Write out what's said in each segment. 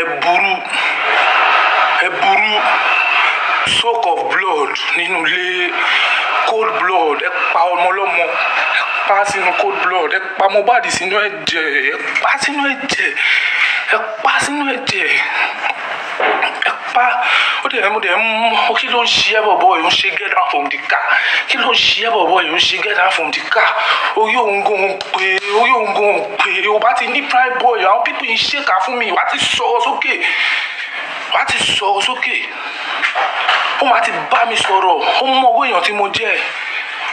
ẹ̀bùrú ẹ̀bùrú soak of blood nínú ilé cold blood ẹ pa ọmọ ọlọ́mọ ẹ pa sínú cold blood ẹ pa Mohbad sínú ẹ̀jẹ̀ ẹ pa sínú ẹ̀jẹ̀ ẹ pa sínú ẹ̀jẹ̀ ẹ pa ó dẹ̀ mo dẹ̀ mọ kí ló ń ṣe ẹ́ bọ̀bọ̀ yìí ṣe get out from the car kí ló ń ṣe ẹ́ bọ̀bọ̀ yìí ṣe get out from the car orí òun gan òun pé orí òun gan òun pé o bá ti ní prime boy àwọn pípín yìí ṣèkà fún mi wà á ti sọ̀rọ̀ sókè wà á ti sọ̀rọ̀ sókè ó máa ti bá mi sọ̀rọ̀ ó mọ owó èèyàn tí mo jẹ́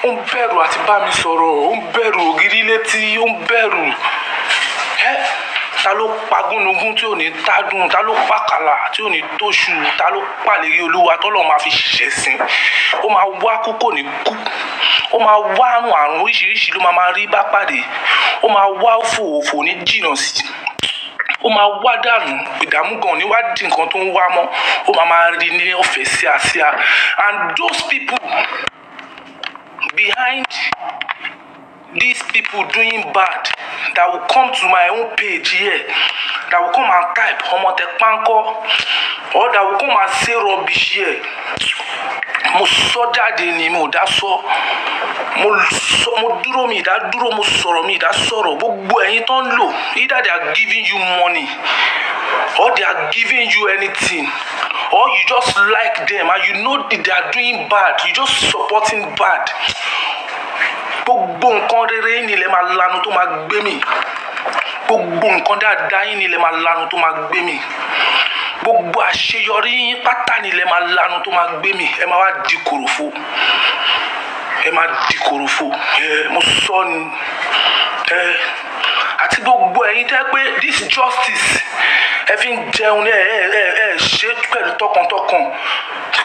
ó ń bẹ̀rù àti bá mi sọ̀rọ̀ ó ń bẹ̀rù ògiri létí ó ń bẹ̀rù ẹ́ ta ló pa gúnugún tí ò ní tádùn ta ló pa kàlà tí ò ní tóṣù ta ló pàlérí olúwa tọ́lọ̀ máa fi ṣẹ̀sìn ó máa wá kú kò ní kú ó máa wá àrùn àrùn oríṣiríṣi ló máa máa rí bá pàdé ó máa wá òfò ní jìnnà sí ó máa wá dànù ìdààmú gan ni wá nǹkan tó ń wá mọ́ ó máa máa rí ní ọ̀fẹ́ síasíá and those people behind these people doing bad that will come to my own page here that will come and type Homotekpanko, or that will come and say rubbish here mo sọ jáde ni mo dá sọ mo sọ mo dúró mi ìdá dúró mo sọ̀rọ̀ mi ìdá sọ̀rọ̀ gbogbo ẹ̀yin tó ń lò either they are giving you money or they are giving you anything or you just like them and you know they are doing bad you just supporting bad gbogbo nǹkan rere yín ni ilẹ̀ máa lanu tó máa gbé mi gbogbo nǹkan dáadáa yín ni ilẹ̀ máa lanu tó máa gbé mi gbogbo àṣeyọrí yín pátá ni ilẹ̀ máa lanu tó máa gbé mi ẹ máa wá di kòròfo ẹ máa di kòròfo ẹ mo sọ ni ẹ. Eh, àti gbogbo ẹ̀yin tẹ́ pé this justice ẹ fi ń jẹun ẹ ẹ ẹ ẹ ṣe pẹ̀lú tọkàntọkàn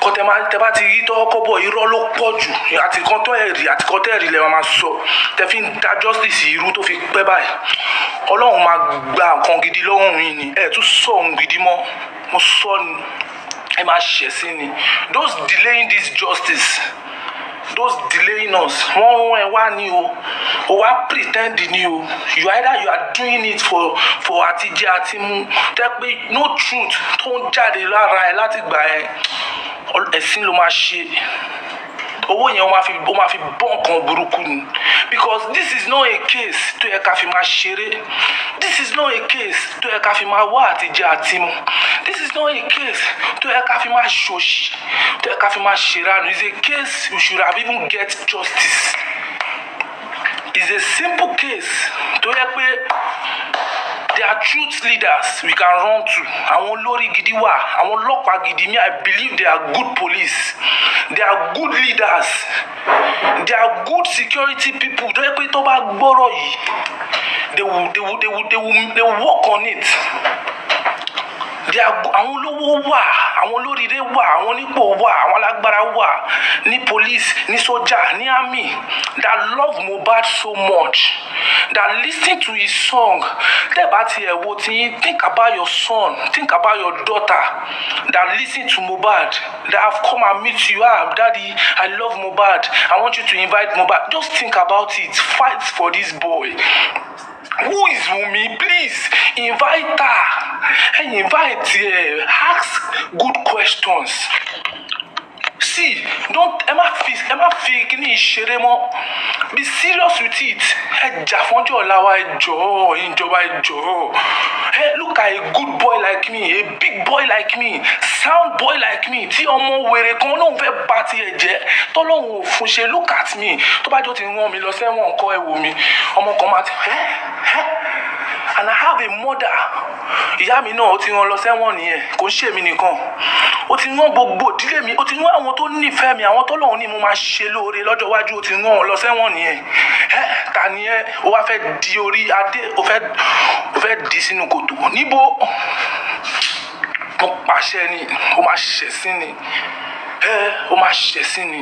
kọ́ tẹ máa tẹ bá ti rí tọ́kọ́ bọ̀ irọ́ ló pọ̀ jù àti kan tọ́ ẹ̀rì àti kan tẹ́ ẹ̀rì lẹ́ máa sọ tẹ fi ń da justice irú tó fi pẹ́ báyìí ọlọ́run máa gba nǹkan gidi lọ́rùn yìí ni ẹ̀ tún sọ ohun gidi mọ́ mo sọ ni ẹ máa ṣẹ̀ sí ni those delaying this justice those delaying us wọ́n rán ẹ wá ní o o wá pre ten d ní o you either you are doing it for for àtijẹ mu. tẹ́ pé no truth tó ń jáde lára ẹ láti gbà ẹ ẹ̀sìn ló máa ṣe owó yẹn o máa fi o máa fi bọ́ nǹkan burúkú ni because this is not a case tó yẹ ká fi máa ṣeré this is not a case tó yẹ ká fi máa wá àtijẹ àtimu this is not a case to yẹ ká fi máa ṣòṣì tó yẹ fi máa ṣèrànù it's a case we should have even get justice it's a simple case To yẹ pé there are truth leaders we can run to àwọn olórí gidi wà àwọn ọlọ́pàá gidi me i believe they are good police they are good leaders they are good security people To yẹ pé tó bá gbọ́rọ̀ yìí they will they will they will they will they will work on it di àwọn olówó wà àwọn olóríire wà àwọn onípò wà àwọn alágbára wà ní police ní sójà ní army that love Mohbad so much that listen to his song tẹ́ bá tiẹ̀ wo ti think about your son think about your daughter that listen to Mohbad that have come and meet you ah daddy I love Mohbad I want you to invite Mohbad just think about it fight for this boy who is Wumi please invite her invite her eh, ask good questions see don't ẹ má fi ẹ má fi kíní ìṣeré mọ́ be serious with it ẹ jà fọ́njọ́ ọ̀la wa ẹ jọ̀ọ́ ìjọba ẹ jọ̀ọ́ ẹ look at a good boy like me a big boy like me sound boy like me tí ọmọ wèrè kan lóun fẹ́ bà tiẹ̀ jẹ́ tọ́lọ́hún ò fún ṣe look at me tó bá jọ ti rán mi lọ sẹ́wọ̀n kọ́ ẹ wò mí ọmọ kan máa ti ẹ́ ẹ́ and I have a mother ìyá mi náà ó ti rán lọ sẹ́wọ̀n nìyẹn kò ń ṣèmi nìkan ó ti rán gbogbo ìdílé mi ó ti rán àwọn tó tó nífẹ̀ẹ́ mi àwọn tó ni mo máa ṣe lóore lọ́jọ́ iwájú o ti rán ọ lọ sẹ́wọ̀n nìyẹn ẹ ta ni ẹ o wá fẹ́ di orí adé o fẹ́ o fẹ́ di sínú kòtò níbo mo pàṣẹ ni o máa ṣẹ̀ sí ni ẹ o máa ṣẹ̀ sí ni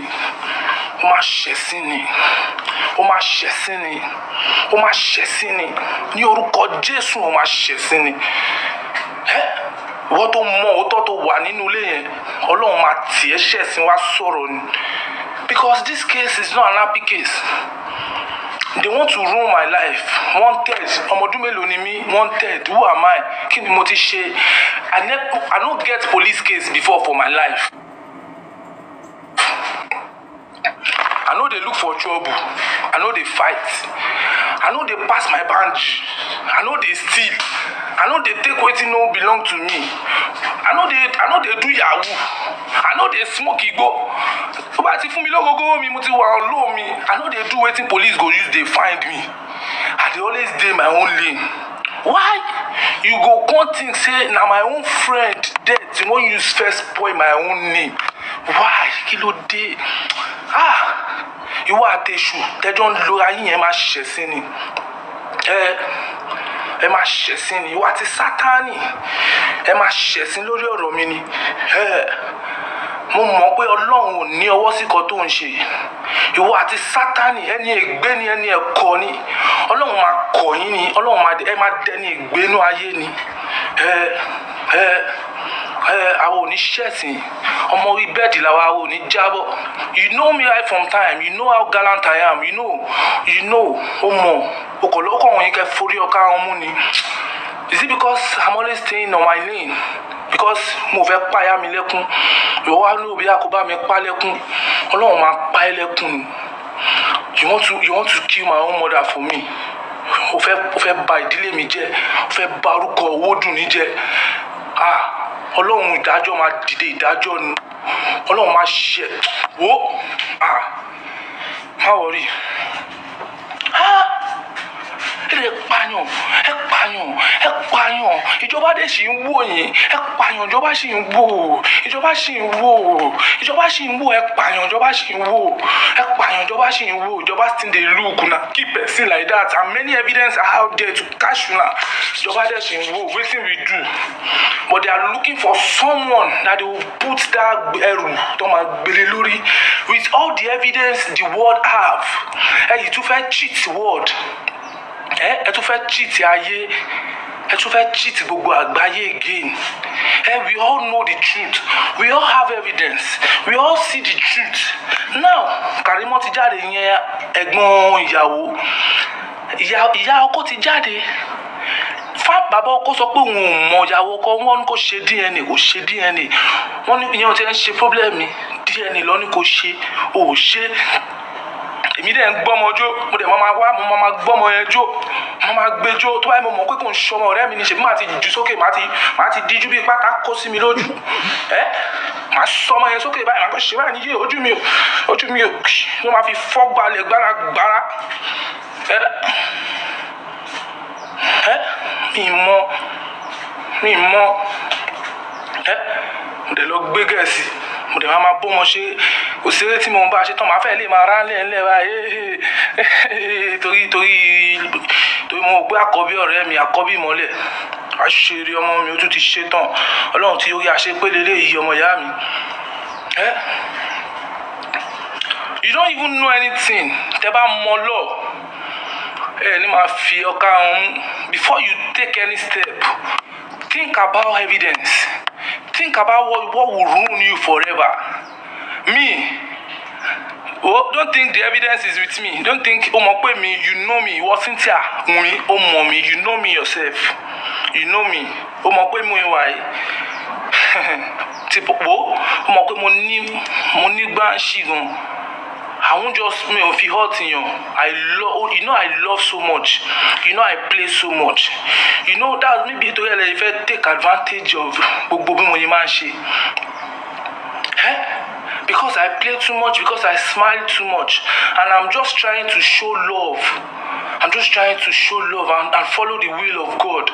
o máa ṣẹ̀ sí ni o máa ṣẹ̀ sí ni o máa ṣẹ̀ sí ni ní orúkọ Jésù o máa ṣẹ̀ sí ni ẹ wọ́n tó mọ òótọ́ tó wà nínú ilé yẹn ọlọ́run máa tì ẹ́ ṣẹ̀sìn wá sọ̀rọ̀ ni because this case is not an happy case they want to ruin my life wanted ọmọdún mélòó ni mí wanted who am I kí ni mo ti ṣe I ne I no get police case before for my life. I know they look for trouble. I know they fight. I know they pass my boundary. I know they steal. I know they take wetin no belong to me. I know they I know they do yahoo. I know they smoke ego. Tó bá me, fún go lógógó me, mo ti wà ọlọ́ I know they do wetin police go use they find me. I they always do my own lane. Why? You go come think say now my own friend dead. You wan use first spoil my own name. Why? Kí ló ìwọ àtẹ̀sù tẹ́jọ́ ń lo ayé yẹn máa ṣiṣẹ́ sí ni ẹ máa ṣiṣẹ́ sí ni ìwọ àti sátánì ẹ máa ṣiṣẹ́ sí lórí ọ̀rọ̀ mi ni mo mọ̀ pé ọlọ́run ò ní ọwọ́ sí kan tó ń ṣe ìwọ àti sátani ẹni ègbé ni ẹni ẹ̀kọ́ ni ọlọ́run máa kọ̀ yín ni ọlọ́run máa dẹni ègbénú ayé ni ẹ ẹ àwọn ò ní ṣẹ̀sìn ọmọ orí bẹ́ẹ̀dì làwọn àwọn ò ní jábọ̀ you know me right from time you know how gallant I am you know you know ó mọ̀ ọkọ̀ wọ̀nyí kẹ́ forí ọkà wọn mú ni is it because I'm always staying on my lane because mo fẹ́ paya mi lẹ́kún ìwọ wá ní òbí àkóbá mi pa lẹ́kún ọlọ́run máa pa ẹ́ lẹ́kún ni you want to you want to kill my own mother for me o fẹ́ o fẹ́ bà ìdílé mi jẹ́ o fẹ́ bà orúkọ Owódùnní jẹ́ ah ọlọ́run ìdájọ́ máa dìde ìdájọ́ ni ọlọ́run máa ṣiṣẹ́ wo ah má wọrí ah tẹ́lẹ̀ pààyàn ẹ pààyàn ẹ pààyàn ìjọba dẹ̀ sì ń wò yín ẹ pààyàn ìjọba sì ń wò ìjọba sì ń wò ìjọba sì ń wò ẹ pààyàn ìjọba sì ń wò ẹ pààyàn ìjọba sì ń wò ìjọba still dey look na keep person like that and many evidence are out there to catch una ìjọba dẹ̀ sì ń wò wetin we do but they are looking for someone that they will put that ẹrù tó máa gbélé lórí with all the evidence the world have ẹ yìí tún fẹ́ cheat world ẹ ẹ tún fẹ́ cheat ayé ẹ tún fẹ́ cheat gbogbo àgbáyé again eh, we all know the truth we all have evidence we all see the truth now Karimo ti jáde yẹn ẹ̀gbọ́n ìyàwó ìyá ọkọ ti jáde fa bàbá ọkọ sọ pé òun ò mọ ìyàwó ọkọ wọn kò ṣe DNA kò ṣe DNA wọn ní ìyẹn ti ń ṣe problem DNA lọ ni kò ṣe ò ṣe èmi dẹ̀ ń gbọ́mọ jó mo dẹ̀ máa wá mo máa gbọ́mọ yẹn jó mo máa gbé jó tó báyìí mo mọ̀ pé kò ń ṣọmọ ọ̀rẹ́ mi ní ṣe bí màá ti jù sókè màá ti màá ti díjú bí pátá kó sí mi lójú ẹ́ màá sọmọ yẹn sókè báyìí màá kọ́ ṣe báyìí níyì ojú mi ò ojú mi ò ló máa fi fọ́ gbalẹ̀ gbára gbára ẹ́ ẹ́ mi mọ mi mọ ẹ́ mo dẹ̀ lọ gbé gẹ̀ẹ́sì mo dẹ̀ máa máa bó wọn ṣe òṣèré tí mo ń bá ṣe tán màá fẹ́ lè máa rá lẹ̀ ńlẹ̀ báyìí torí torí torí mo gbé àkọ́bí ọ̀rẹ́ mi àkọ́bí ìmọ́lẹ̀ àṣírí ọmọ mi ó tún ti ṣe tán ọlọ́run tí orí àṣepé lélẹ́yìí ọmọ ìyá mi. you don't even know anything tẹ́ bá mọ lọ ẹ ní máa fi ọkà ọhún before you take any step think about evidence think about what, what will ruin you forever. Me, Well, don't think the evidence is with me. Don't think, oh, my me, you know me. Wasn't here, me, oh, mommy, you know me yourself. You know me. Oh, my me, why? Tipo, oh, my mo ni, mo ni gba shi gan. I won't just me o fi hurt yan I love you know I love so much you know I play so much you know that maybe to ẹ lè fẹ́ take advantage of gbogbo bí mo because I play too much, because I smile too much. And I'm just trying to show love. I'm just trying to show love and, and follow the will of God.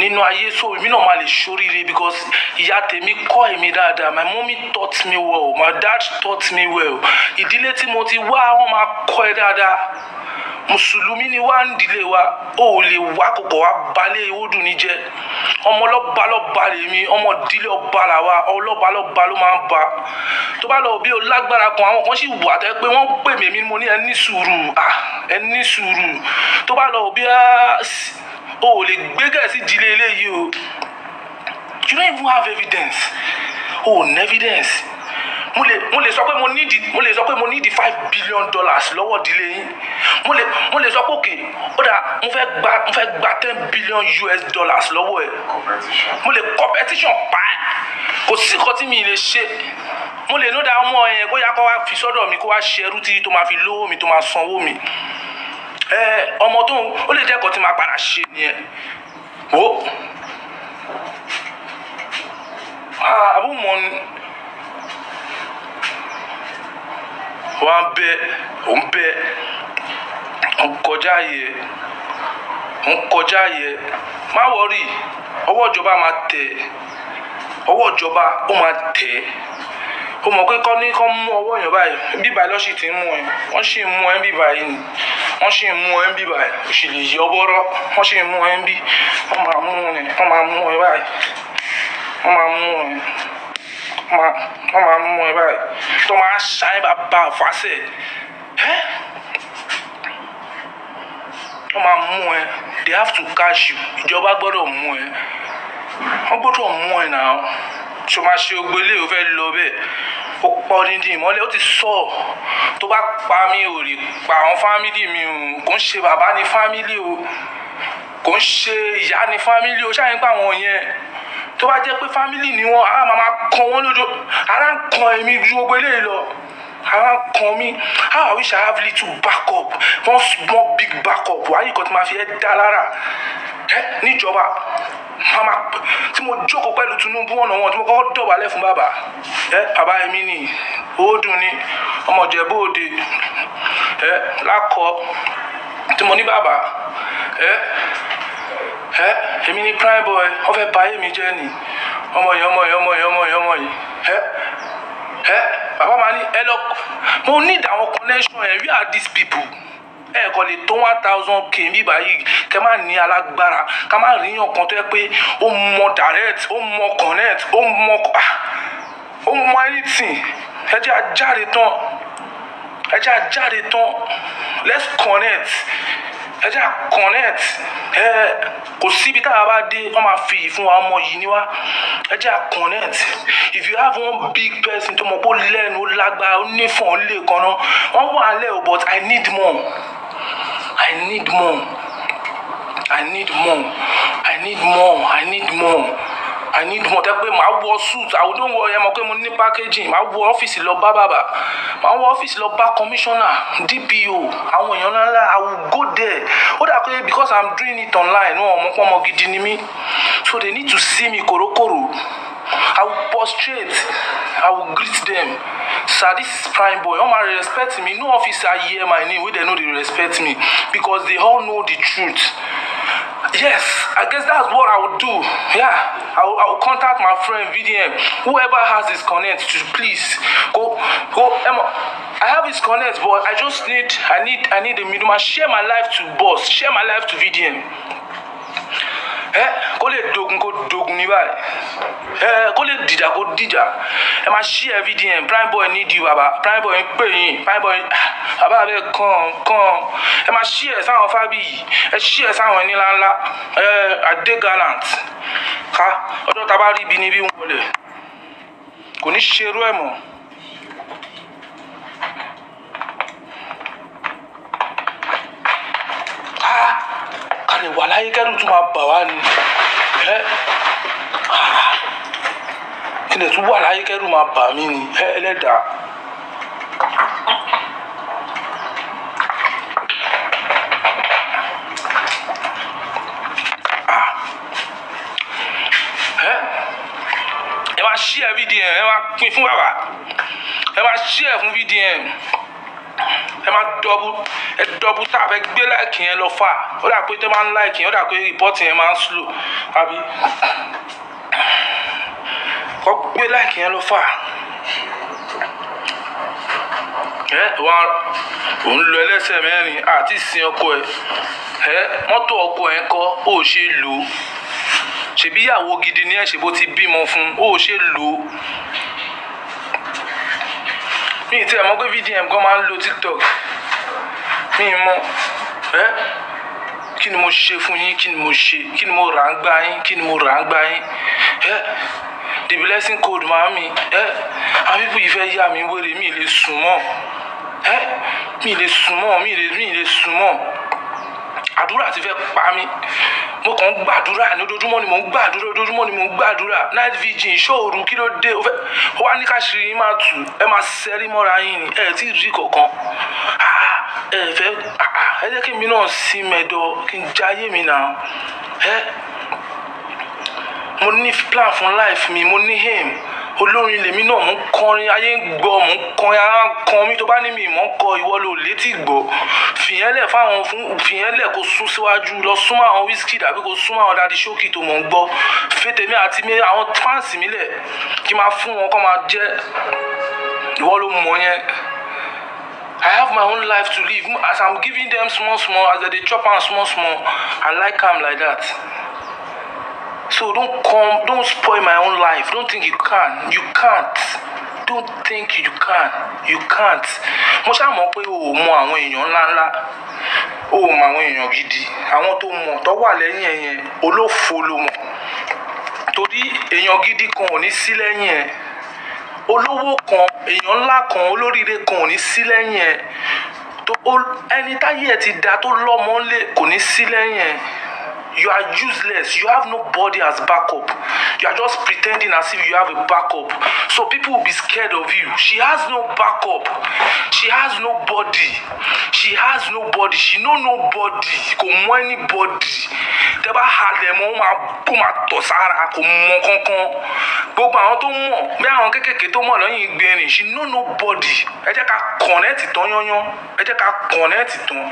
Nínú ayé so èmi náà máa lè ṣoríire because ìyá tèmi kọ́ èmi dáadáa my mummy taught me well my dad taught me well ìdílé tí mo ti wá wọ́n máa kọ́ ẹ dáadáa mùsùlùmí ni wá ń dilé wa ó lè wá kókò wá balẹ̀ ewúdù ní jẹ́ ọmọ lọ́ba lèmi ọmọ ìdílé ọba là wa ọlọ́ba lọ́ba ló máa ń ba tó bá lọ bí o lágbára kan àwọn kan sì wà tẹ́ pé wọ́n pè mí mo ní ẹni sùúrù ẹni sùúrù tó bá lọ bí o lè gbégẹ̀ sí ìdílé eléyìí o you don't even have evidence o oh, no evidence mo lè mo lè sọ pé mo nídi mo lè sọ pé mo nídi five billion dollars lọ́wọ́ ìdílé yín mo lè mo lè sọ pé òkè ó dà mo fẹ́ gba mo fẹ́ gba ten billion US dollars lọ́wọ́ ẹ̀ mo lè competition pa kò sí nǹkan tí mi lè ṣe mo lè nóda ọmọ ẹ̀ bóyá kó wá fi sọ́dọ̀ mi kó wá ṣe ẹrú tó máa fi lówó mi tó máa sanwó mi ọmọ tó ó lè jẹ́ ẹ̀kọ́ tí máa padà ṣe nìyẹn wo àbúmọ̀ ni. wa á bẹ́ òun bẹ́ òun má ọwọ́ ìjọba ma tẹ ọwọ́ ìjọba ó ma ó ní mú ọwọ́ èèyàn báyìí bíbà lọ́ ti ń mú ẹ wọ́n sì ń mú ẹ bíbà yìí ni wọ́n sì ń mú lè yí wọ́n sì ń mú ẹ bí wọ́n máa mú wọ́n máa wọ́n máa mú ẹ báyìí tó máa ṣá ẹ bàbá àfàṣẹ ẹ́ wọ́n máa mú ẹ they have to catch you ìjọba gbọ́dọ̀ mú ẹ wọ́n gbọ́dọ̀ mú ẹ náà ṣo máa ṣe ogbe ilé ìwé fẹ́ lọ bẹ́ẹ̀ ó pọ́ dídín ìmọ́lẹ̀ ó ti sọ tó bá pa mí ò lè pa àwọn fámìlì mi ò kò ń ṣe bàbá ní fámìlì o kò ń ṣe ìyá ní fámìlì o ṣáà ń pa àwọn yẹn tó bá jẹ́ pé fámìlì ni wọ́n á máa kan wọ́n lójó ara ń kan èmi ju gbogbo eléyìí lọ ara ń kan mi how I wish I have little backup one small big backup wàá yìí kan tí màá fi ẹ́ dá lára ẹ níjọba mama tí mo jókòó pẹ̀lú Tinubu ọ̀nà wọn tí mo kọ́kọ́ dọ̀bálẹ̀ fún bàbá ẹ bàbá èmi nì ó dùn ní ọmọ Ìjẹ̀bú Òde ẹ lákọ tí mo ní bàbá ẹ. Eh? ẹ èmi ni prime boy wọ́n fẹ́ ba ayé mi jẹ́ ni ọmọ yìí ọmọ yìí ọmọ yìí ọmọ yìí ọmọ yìí ẹ ẹ bàbá máa ní ẹ lọ mo need àwọn connection ẹ where are these people ẹ kò lè tó one thousand k bí báyìí kẹ má ní alágbára ká má ríyàn kan tó yẹ pé ó mọ direct ó mọ connect ó mọ ah, ó mọ anything ẹ jẹ́ ajáde tán ẹ jẹ́ ajáde tán let's connect ẹ jẹ́ connect ẹ kò síbi tá a bá dé wọ́n máa fi ìfún wa ọmọ yìí ní wá ẹ jẹ́ connect if you have one big person tó mọ̀ pé ó lẹ́nu ó lágbára ó nífọ̀n ó lè kan náà wọ́n wà lẹ́ o but I need more I need more I need more I need more. I need more i need more tẹ́ pé màá wọ suit i don wọ ẹ mọ̀ pé mo ní packaging màá wọ ọ́fíìsì lọ bá bàbá màá wọ ọ́fíìsì lọ bá commissioner dpo àwọn èèyàn ńláńlá i will go there ó dà pé because i'm doing it online wọn ọmọ pọ́nmọ gidi ni mí so they need to see me kòrókòrò. I will prostrate. I will greet them. Sir, this is prime boy. All my respect me. No officer hear my name. We they know they respect me because they all know the truth. Yes, I guess that's what I would do. Yeah, I will, I will contact my friend VDM, whoever has his connect, to please go go. Emma, I have his connect, but I just need I need I need a middleman. Share my life to boss. Share my life to VDM ẹ kó lè dogun kó dogun ní báyìí ẹ kó lè dìjà kó dìjà ẹ máa ṣí ẹ fídíò yẹn prime boy need you bàbá prime boy ń pè prime boy ah, bàbá rẹ kàn kàn ẹ máa ṣí ẹ sáwọn fábí yìí ẹ ṣí ẹ sáwọn ẹni ńláńlá ẹ adé gallant ká ọjọ́ tá a bá rí wọlé kò ní ṣerú ẹ̀ mọ́. ni wà láyé kẹ́rù tún máa bà wá ni ẹ́ ah, ilẹ̀ tún wà láyé kẹ́rù máa bà mí ni ẹ́ ẹlẹ́dàá. Ah, ẹ máa share video ẹ máa pín fún bàbá ẹ máa share fún video ẹ máa double ẹ dọ́bù tá a fẹ́ gbé láìkì yẹn lọ fà ó dà pé tó máa ń láìkì yẹn ó dà pé rìpọ́tì yẹn máa ń slow àbí kọ́ gbé láìkì yẹn lọ fà ẹ wá òun lọ ẹlẹ́sẹ̀ mẹ́rin àti ìsìn ọkọ ẹ ẹ mọ́tò ọkọ ẹ kọ́ ó ṣe lò ó ṣèbí ìyàwó gidi ni ẹ ṣe bó ti bímọ fún ó ṣe lò ó mi ì tẹ́ ẹ mọ̀ pé VDM gan máa ń lo TikTok mi mọ̀ ẹ́ kí ni mo ṣe fún yín kí ni mo ṣe kí ni mo rà ń gbá yín kí ni mo rà ń gbá yín ẹ́ the blessing code máa mi ẹ́ àwọn pípọ̀ yìí fẹ́ yá mi wéré mi lè sùn mọ́ ẹ́ mi lè sùn mọ́ mi lè sùn mọ́ àdúrà ti fẹ́ pa mi mo kàn ń gbàdúrà ní ojoojúmọ́ ni mò ń gbàdúrà ojoojúmọ́ ni mò ń gbàdúrà night vigil ṣóòru kí ló dé ó wá ní káṣí yín máa tù ẹ máa ṣẹ́rí mọ́ra yín ni ẹ tí rí kankan ah, ẹ fẹ́ ah, ah, ẹ jẹ́ kí mi náà sí mẹ́dọ̀ kí n jayé mi náà ẹ mo ní plan fún life mi mo ní aim olórin lèmi náà mò kọrin ayé ń gbọ́ mò kọrin ara ń kan mi tó bá ní mi mò ń kọ ìwọ ló létí gbọ́ fìyẹ́lẹ̀ fáwọn fún fìyẹ́lẹ̀ kó sún síwájú lọ súnmọ́ àwọn wíṣkì dàbí kó súnmọ́ àwọn dadi ṣókì tó mò ń gbọ́ fètèmí àti mi àwọn fáǹsì mi lẹ̀ kí máa fún wọn kó máa jẹ́ ìwọ ló mọ̀ yẹn. I have my own life to live as I'm giving them small small as I dey chop am small small I like am like that. So don't come, don't spoil my own life. Don't think you can. You can't. Don't think you can. You can't. Mo ṣáà mọ̀ pé o ò mọ àwọn èèyàn ńláńlá. O ò mọ àwọn èèyàn gidi. Àwọn tó mọ̀ tó wà lẹ́yìn ẹ̀yẹn olófo ló mọ̀. Torí èèyàn gidi kan ò ní sí lẹ́yìn ẹ̀. Olówó kan, èèyàn ńlá kan, olóríire kan ò ní sí lẹ́yìn ẹ̀. Ẹni táyé ẹ̀ ti da tó lọ́mọ lé kò ní sí lẹ́yìn ẹ̀ you are useless you have nobody as backup you are just pretending as if you have a backup so people will be scared of you she has no backup she has nobody she has nobody she know nobody kò mọ anybody tẹ bá halẹ̀ mọ́ ó máa kó máa tọ̀ sára kò mọ kankan gbogbo àwọn tó mọ̀ bí àwọn kékèké tó mọ̀ lọ́yìn gbẹ̀rìn she know nobody ẹ jẹ́ ká kọ̀nẹ́ẹ̀tì tán yányán ẹ jẹ́ ká kọ̀nẹ́ẹ̀tì tán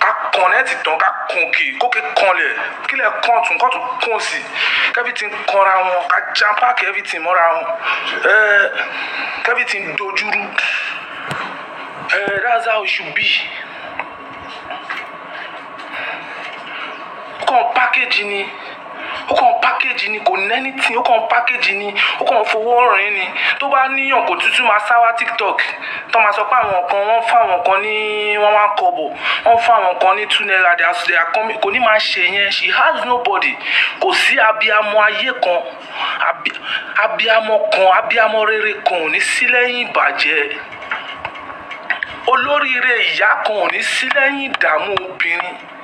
ká kàn lẹ́yìn tí tán ká kàn kì í kókè kanlẹ̀ kílẹ̀ kàn tún kàn tún kàn sí everything kanra wọn ká jam páàkì everything mọ́ra wọn everything dojúrú that's how it should be. kàn package ni ó kàn pákéjì ni kò nẹ́ni tí ó kàn pákéjì ni ó kàn fowó rìn ni tó bá níyàn kò tútù máa sáwá tiktok tó máa sọ pé àwọn kan wọ́n fáwọn kan ní wọ́n wá kọ̀bọ̀ wọ́n fáwọn kan ní two naira they are they kò ní máa ṣe yẹn she has nobody kò sí abiamọ ayé kan abiamọ kan abiamọ rere kan ò ní sí lẹ́yìn ìbàjẹ́ olóríire ìyá kan ò ní sí lẹ́yìn ìdààmú obìnrin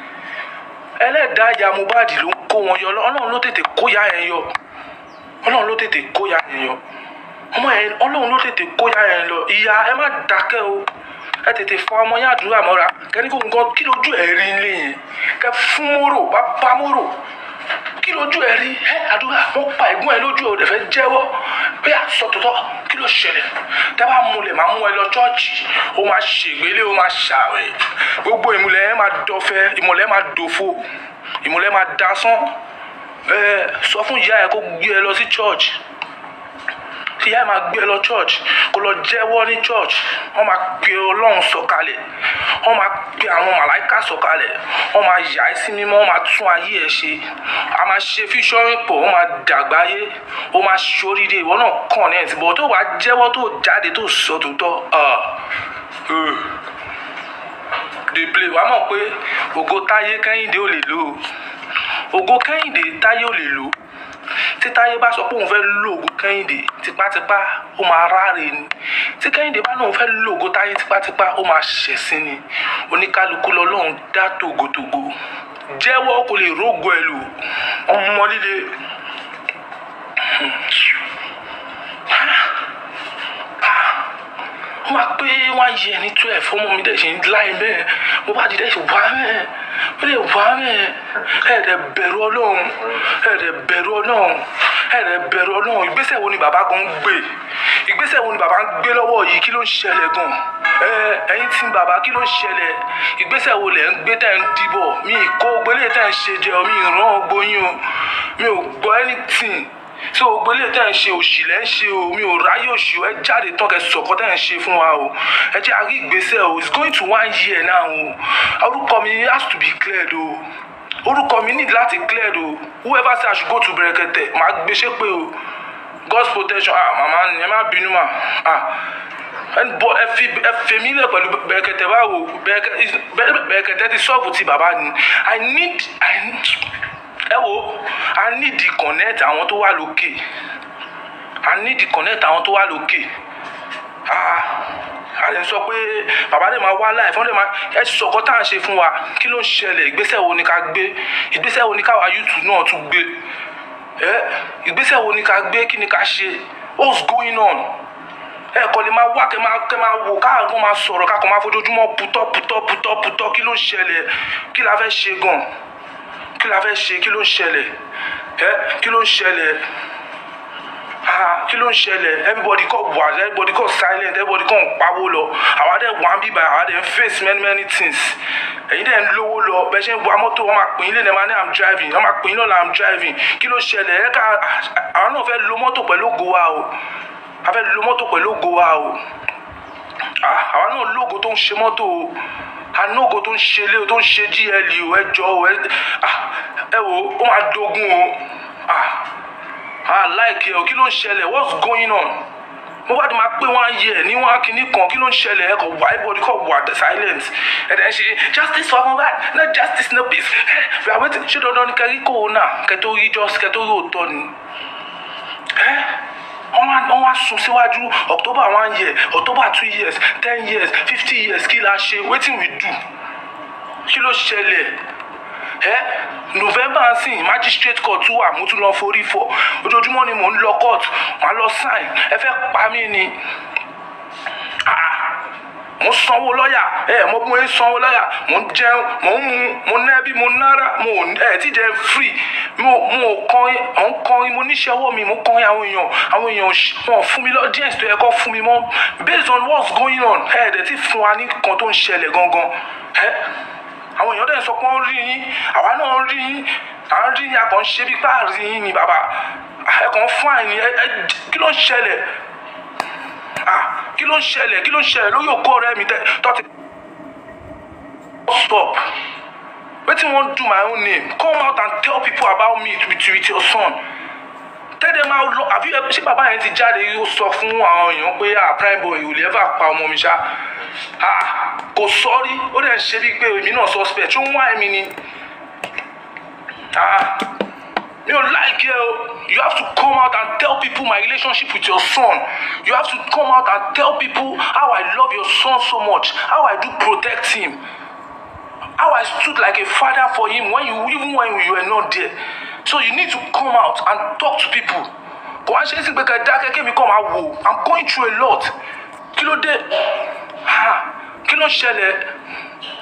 ẹlẹ́dàá ìyá Mohbad ló ń kó wọn yọ ọlọ́run ló tètè kóyà ẹ̀ yọ ọlọ́run ló tètè kóyà ẹ̀ yọ ọmọ ẹ̀ ọlọ́run ló tètè kóyà ẹ̀ lọ ìyá ẹ má dákẹ́ o ẹ tètè fọ ọmọ yín àdúrà mọ́ra kẹ́ni kò ń gan kí lójú ẹ̀ rí nílé kẹ́ fún móró bá bá móró kí lójú ẹ rí ẹ àdúrà wọn pa ẹ̀gbọ́n ẹ lójú ọdẹ fẹ́ jẹ́wọ́ bẹ́ẹ̀ sọtọtọ kí ló ṣẹlẹ̀ dábàá múlẹ̀ máa mú ẹ lọ chọọchì ó máa ṣègbélé ó máa ṣàwẹ̀ gbogbo ìmùlẹ̀ ẹ máa dọ̀fẹ́ ìmùlẹ̀ máa dòfo ìmùlẹ̀ máa dasán ẹ sọ fún ìyá ẹ kó gbé ẹ lọ sí chọọchì tí ìyá ẹ máa gbé ẹ lọ church kó lọ jẹ́wọ́ ní church wọ́n máa pe ọlọ́run sọ̀kalẹ̀ wọ́n máa pe àwọn màláìka sọ̀kalẹ̀ wọ́n máa yà ẹ́ sí mímọ́ wọ́n máa tún ayé ẹ ṣe a máa ṣe fíṣọ́rin pọ̀ wọ́n máa dàgbà ayé ó máa ṣoríire ìwọ náà kàn ní ẹ̀sìn bọ̀ tó wàá jẹ́wọ́ tó jáde tó sọ tòótọ́ dey play wàá mọ̀ pé ògo táyé kẹ́hìndé ò lè lò ògo kẹ́hìndé táyé ò lè lò tí táyé bá sọ pé òun fẹ́ lògo kẹ́hìndé tipátipá ó máa ráre ni tí kẹ́hìndé bá náà fẹ́ lògo táyé tipátipá ó máa ṣẹ̀sín ni oníkálukú lọ́lọ́run dá tògótògó jẹ́wọ́ kò lè rógo ẹ̀ lò ọmọ líle. ó máa pé wọ́n á yẹ ẹni tó ẹ̀ fọ́mọ mi dẹ̀ ṣe ń láì bẹ́ẹ̀ mo bá di dẹ́ ṣe bẹ́ẹ̀ lè wá rìn ẹ̀rẹ̀ bẹ̀rù ọlọ́run ẹ̀rẹ̀ bẹ̀rù ọlọ́run ẹ̀rẹ̀ bẹ̀rù ọlọ́run ìgbésẹ̀ wo ni bàbá gan gbé ìgbésẹ̀ wo ni bàbá ń gbé lọ́wọ́ yìí kí ló ń ṣẹlẹ̀ gan ẹ̀yin tí bàbá kí ló ń ṣẹlẹ̀ ìgbésẹ̀ wo lẹ̀ ń gbé tẹ̀ ń dìbò mi kó gbélé tẹ̀ ń ṣe jẹ́ mi ì rán ọgbóyin mi ò gbọ́ anything so gbogbo ilé tẹ́ ń ṣe òṣì lẹ́ ń ṣe o mi ò ráyè òṣì ẹ jáde tán kẹ sọ̀kọ́ tẹ́ ń ṣe fún wa o ẹ jẹ́ àrí ìgbésẹ̀ o it's going to one year now o orúkọ mi has to be cleared o orúkọ mi need láti cleared o whoever say I should go to Brekete màá gbéṣẹ́ pé o God's protection ah màmá ẹ má bínú mà ah bọ ẹ fi ẹ fèmí lẹ pẹ̀lú Brekete báwo Brekete ti sọọbù ti bàbá ni I need I need ẹ wo I need to connect àwọn tó wà lókè I need to connect àwọn tó wà lókè a ah, lè sọ pé bàbá lè máa wá láì fún lè máa ẹ sọkọ tá à ń ṣe fún wa kí ló ń ṣẹlẹ̀ ìgbésẹ̀ wo ni ká gbé ìgbésẹ̀ wo ni káwa YouTube náà tún gbé ẹ ìgbésẹ̀ wo ni ká gbé kí ni ká ṣe what's going on ẹ kọ́ lè máa wá kẹ́ máa kẹ́ máa wò káàkó máa sọ̀rọ̀ káàkó máa fojoojúmọ́ putọ́ putọ́ putọ́ putọ́ kí ló ń ṣẹlẹ̀ kí la fẹ́ ṣe gan-an kí la fẹ́ ṣe kí ló ń ṣẹlẹ̀ ẹ kí ló ń ṣẹlẹ̀ ah kí ló ń ṣẹlẹ̀ everybody kọ́ wà everybody kọ́ silent everybody kọ́ ń pawó lọ àwa dẹ̀ wà ń bíbà àwa dẹ̀ ń face many many things ẹ̀yin dẹ̀ ń lówó lọ bẹ́ẹ̀ ṣe ń bu amọ́tò wọn máa pín in máa ní i'm driving wọn máa pín in lọ́la i'm driving kí ló ṣẹlẹ̀ ẹ̀ka àwa náà fẹ́ lo mọ́tò pẹ̀lú ògo wa o a fẹ́ lo mọ́tò pẹ̀lú ògo wa o Ah, àwa náà lógo tó ń ṣe mọ́tò o anógo tó ń ṣe o tó ń ṣe gl o ẹ jọ o ah, ẹ wo ó máa dogun o àláìkè ah, o kí ló ń ṣẹlẹ̀ what's going on mo bá ti máa pé wọn yẹ ní wọn kìíní kan kí ló ń ṣẹlẹ̀ ẹ kò wá everybody kò wá the silence ẹ dẹ̀ ń ṣe justice for Mohbad no justice no peace we are waiting ṣé dandan ni kẹrí kòrónà kẹtó rí just kẹtó rí òótọ́ ni wọ́n wá sún síwájú october one year october two years ten years fifty years kí la ṣe wetin we do kí ló ṣẹlẹ̀ ẹ november sin magistrate court tún wà mo tún lọ forí fọ ojoojúmọ́ ni mò ń lọ court màá lọ sign ẹ fẹ́ pa mí ni. Ah, mo sanwó lọ́yà ẹ mo mú sanwó lọ́yà mo jẹun mo ń mu mo nẹ́bí mo nára mo ẹ ti jẹ free mo mo kọrin mo ń mo níṣẹ́ ọwọ́ mi mo kọrin àwọn èèyàn àwọn èèyàn wọn fún mi lọ díẹ̀ tó yẹ kó fún mi mọ́ based on what's going on ẹ dẹ̀ ti fún wa ní kan tó ń ṣẹlẹ̀ gangan ẹ àwọn èèyàn dẹ̀ sọ pé wọ́n rí yín àwa náà rí yín à ń rí yín a kàn ṣe bí páàrí yín ni bàbá ẹ kàn fún àyìn ẹ kí ló ń ṣẹlẹ̀ kí ló ń ṣẹlẹ̀ kí ló ń ṣẹlẹ̀ lórí òkú ọ̀rẹ́ mi tó ti. stop wetin wan do my own name come out and tell people about me To with, with your son tell them how long àbí ṣé bàbá yẹn ti jáde yóò sọ fún àwọn èèyàn pé ah Primeboy ò lè ever pa ọmọ mi ṣá ah kò sọ rí ó dẹ̀ ń ṣe bíi pé èmi náà suspect ó ń wá èmi ni ah mi ò like you? Uh, you have to come out and tell people my relationship with your son you have to come out and tell people how I love your son so much how I do protect him how I stood like a father for him when you even when you were not there so you need to come out and talk to people kò wá ṣe é sí pé ká dákẹ́ kémi I'm going through a lot kí ló dé kí ló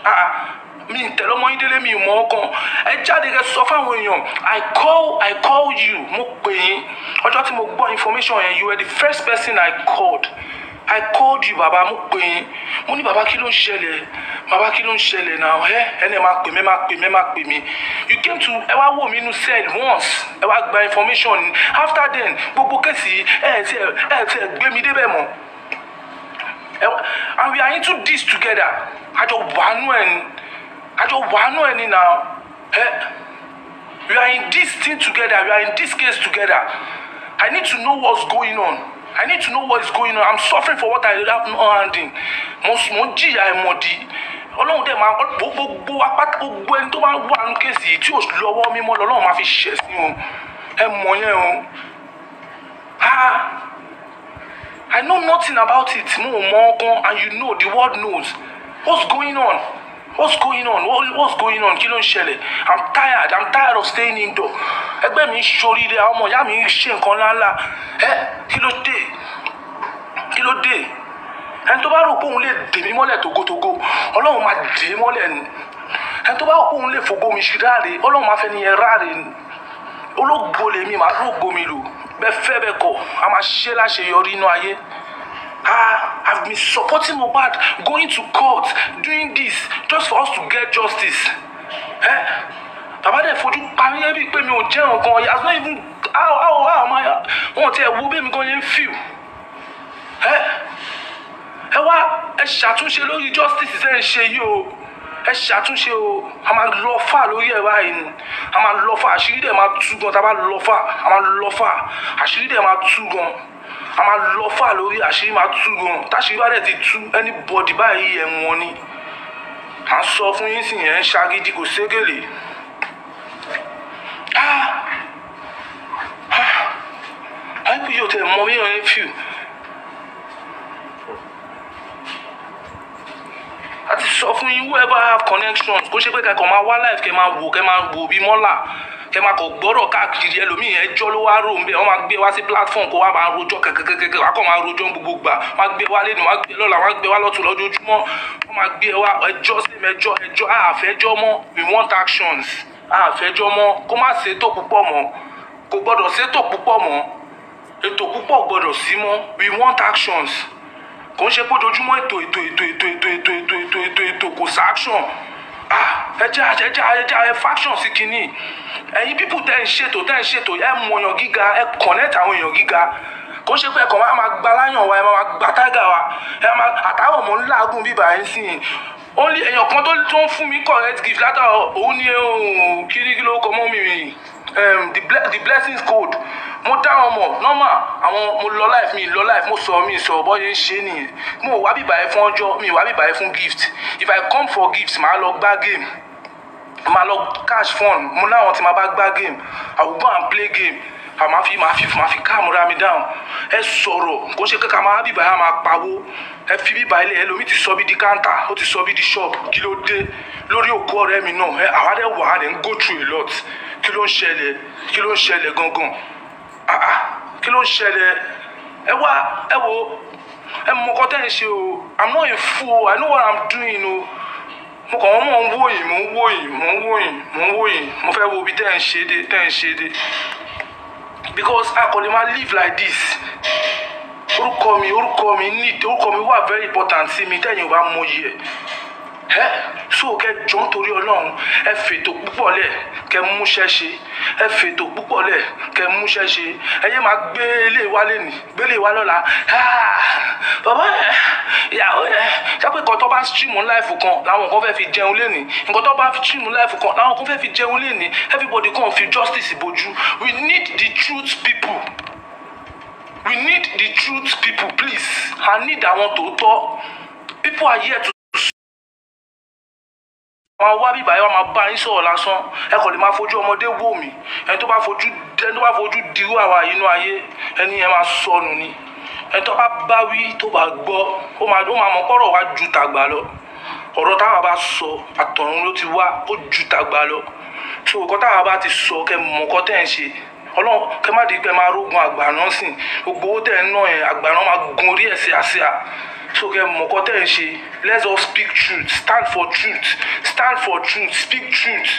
Ah mi ìtẹ̀lọ́mọ yín délé mi ìmọ̀ ọkàn ẹ jáde rẹ sọ fáwọn èèyàn i call i call you mo pè yín ọjọ́ tí mo gbọ́ information yẹn you were the first person i called i called you baba mo pè yín mo ní baba kí ló ń ṣẹlẹ̀ baba kí ló ń ṣẹlẹ̀ náà ẹ ẹni ẹ máa pè mí máa pè mí máa pè mí you came to ẹ wá wò mí inú cell once ẹ wá gba information after then gbogbo kẹ́sì ẹ ẹ ti ẹ ti ẹ gbé mi débẹ̀ mọ́ and we are into this together àjọ wàánu ẹ̀ kato wano ẹni na ẹ we are in this thing together we are in this case together i need to know what's going on i need to know what's going on i'm suffering for what i have no hand in mo mo jìyà ẹ mọ̀ di ọlọ́run dẹ̀ máa gbogbo apáta gbogbo ẹni tó bá wà ní kéèsì yìí tí ò lọ́wọ́ mímọ́ lọ́lọ́run máa fi ṣẹ̀sìn o ẹ mọ̀ yẹn o ah i know nothing about it mo mọ̀ ọkàn and you know the world knows what's going on what's going on what's going on kí ló ń ṣẹlẹ̀ i'm tired i'm tired of staying indoor ẹgbẹ́ mi ń ṣoríire àwọn ọmọ ìyá mi ń ṣe nǹkan ńláńlá ẹ kí ló dé kí ló dé ẹni tó bá rò pé òun lè dè mí mọ́lẹ̀ togotogo ọlọ́run máa dè é mọ́lẹ̀ ni ẹni tó bá rò pé òun lè fògo mi ṣe ráre ọlọ́run máa fẹ́ ni yẹn ráre ni ológo lèmi màá rògo mi lù bẹ́ẹ̀ fẹ́ bẹ́ẹ̀ kọ̀ a máa ṣe láṣeyọrí inú ayé. Ah, I've been supporting Mohbad going to court doing this just for us to get justice. Eh? bàbá dẹ̀ fojú parí ẹbí pé mi ò jẹ́ nǹkan yà sọ even how how how am I wọn ti ẹ̀ wo bẹ́ẹ̀ mi gan yẹn feel ẹ eh? ẹ wá ẹ ṣàtúnṣe lórí justice ṣe ń ṣe yìí o ẹ ṣàtúnṣe o a máa lọ fà lórí ẹ̀ báyìí ni a máa lọ fà àṣírí dẹ̀ máa tú gan tá a bá lọ fà a máa lọ fà àṣírí dẹ̀ máa tú gan a máa lọ fà lórí àṣírí máa tú gan táṣírí bá dẹ̀ ti tú anybody báyìí ẹ̀wọ̀n ni à ń sọ fún yín sì yẹn ń ṣagídí kò ségèlè àìpé yóò tẹ̀ mọ bí yẹn ń fìw. àti sọ fún yín whoever have connections kó ṣe pé kẹ́kọ̀ọ́ máa wá life kẹ́ máa wò kẹ́ máa wò bí mọ́là ẹ máa kọ gbọ́rọ̀ káàkiri ẹlòmíì ẹjọ́ ló wá rò ń bẹ̀ wọ́n máa gbé wá sí platform kó wá máa rojọ́ kẹ̀kẹ́kẹ́kẹ́ wá kàn máa rojọ́ gbogbo gbà wá gbé wá lẹ́nu wá gbé lọ́la wá gbé wá lọ́tún lójoojúmọ́ wọ́n máa gbé wá ẹjọ́ sẹ́mi ẹjọ́ ẹjọ́ àfẹ́jọ́ mọ́ we want actions àfẹ́jọ́ mọ́ kó má ṣètò púpọ̀ mọ́ kò gbọ́dọ̀ ṣètò púpọ̀ mọ́ ètò púpọ̀ gbọ́dọ̀ sí mọ́ we want actions kò ń ṣe pójoojúmọ́ ètò ètò ètò ètò ètò ètò ètò ètò ètò kò sí action Ah, ẹ jẹ́ ẹ ẹ faction sí kinní ẹ̀yin pípù tẹ́ ń ṣètò tẹ́ ń ṣètò ẹ mọ èèyàn gíga ẹ connect àwọn èèyàn gíga kò ṣe pé ẹ̀kọ́ máa ma gba láyàn wa ẹ máa ma gba tágà wa ẹ máa àtàwọn ọmọ ńlá agùn bíbà ń sìn ó ní èèyàn kan tó ń fún mi correct gift látà òun oh, ni kí ló kọ mọ́ mi rìn um, the, ble the blessings code mo dá wọn mọ̀ normal àwọn mo lọ life mi lọ life mo sọ mi sọ bọ́ yẹn ṣe nìyẹn mo wá bìbà yẹn fún ọjọ́ mi wá bìbà yẹn fún gift if i come for gift màá lọ gbá game màá lọ cash fund mo láwọn tí màá bá gbá game i will go and play game àmà fi màá fi màá fi káàmù ra mi dáhùn ẹ sọ̀rọ̀ kò ṣe kankan máa bíbá yà máa pawó ẹ fi bíbá ilé ẹ lómi ti sọ bí di counter, ó ti sọ bí di ṣọ́ọ̀bù kí ló dé lórí òkú ọ̀rẹ́ mi náà ẹ àwa dẹ̀ wà á dẹ̀ ń go through a lot kí ló ń ṣẹlẹ̀ kí ló ń ṣẹlẹ̀ gangan àà ah, ah. kí ló ń ṣẹlẹ̀ ẹ wá ẹ wo ẹ mọ ọkọ tẹ́ ń ṣe o i'm not a fool i know what i'm doing o mo kàn mọ̀ ń wòyìn mò ń wòyìn mò ń wòyìn mò ń wòyìn mo fẹ́ wo ibi tẹ́ ń ṣe dé tẹ́ ń ṣe dé because a kò lè máa live like this orúkọ mi orúkọ mi need orúkọ mi wà very important sí mi tẹ́yìn ò bá mọyì ẹ̀ ẹ so kẹ jọ nítorí Ọlọ́run ẹ fètò púpọ̀ lẹ̀ kẹ múṣẹ́ ṣe ẹ fètò púpọ̀ lẹ̀ kẹ múṣẹ́ ṣe ẹ yé máa gbé ilé wa lẹ́nìí gbé ilé wa lọ́la ah, bàbá ẹ ìyàwó ẹ sápẹ́ nǹkan tó bá ń stream láìfù kan làwọn kan fẹ́ẹ́ fi jẹun lẹ́nìí nǹkan tó bá ń stream láìfù kan làwọn kan fẹ́ẹ́ fi jẹun lẹ́nìí everybody kan fi justice bojú we need the truth people we need the truth people please i need àwọn tòótọ́ people are here to wọn wá bíbá yẹn wọn máa bá yín sọ̀rọ̀ lásán ẹ kò lè máa fojú ọmọdé wò mí ẹni tó bá fojú ẹni tó bá fojú dirú àwa yìí ayé ẹni yẹn máa sọnù ni ẹni tó bá bá wí tó bá gbọ́ ó máa ó máa mọ̀ pọ̀rọ̀ wá ju tàgbà lọ ọ̀rọ̀ táwa bá sọ àtọ̀run ló ti wá ó ju tàgbà lọ tí òkò táwa bá ti sọ kẹ mọ̀ kọ́ tẹ̀ ń ṣe ọlọ́run kẹ má di pé máa rógun àgbàrán sìn gbogbo owó tẹ̀ ń ná yẹn àgbàrán máa gun orí ẹ̀ sí àsíà so kẹ mọ nǹkan tẹ́ ẹ̀ let's all speak truth stand for truth stand for truth speak truth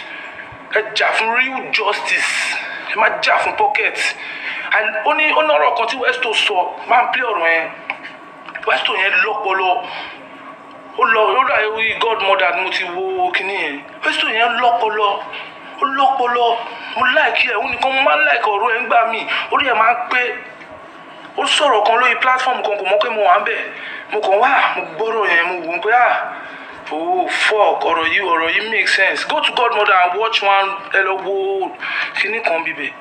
ẹ jà fún real justice ẹ má jà fún pocket and ó ní ó ní ọ̀rọ̀ kan tí westo sọ máa ń play ọ̀rọ̀ yẹn westo yẹn lọ́pọlọ ó lọ ó lọ àyẹ̀wò godmother mo ti wo kinní yẹn westo yẹn lọ́pọlọ ó lọ́pọlọ mo like ẹ̀ ó nìkan mo máa ń láìkí ọ̀rọ̀ ẹ̀ ń gbà mí orí ẹ̀ máa ń pé ó sọ̀rọ̀ kan lórí platform kan kò mọ̀ pé mo wà ń bẹ̀ mo kàn wá mo gbọ́rọ̀ yẹn mo wò ó pé ah oh fuck ọ̀rọ̀ yìí ọ̀rọ̀ yìí make sense go to godmother and watch one ẹ lọ wo kíní kan bíbẹ̀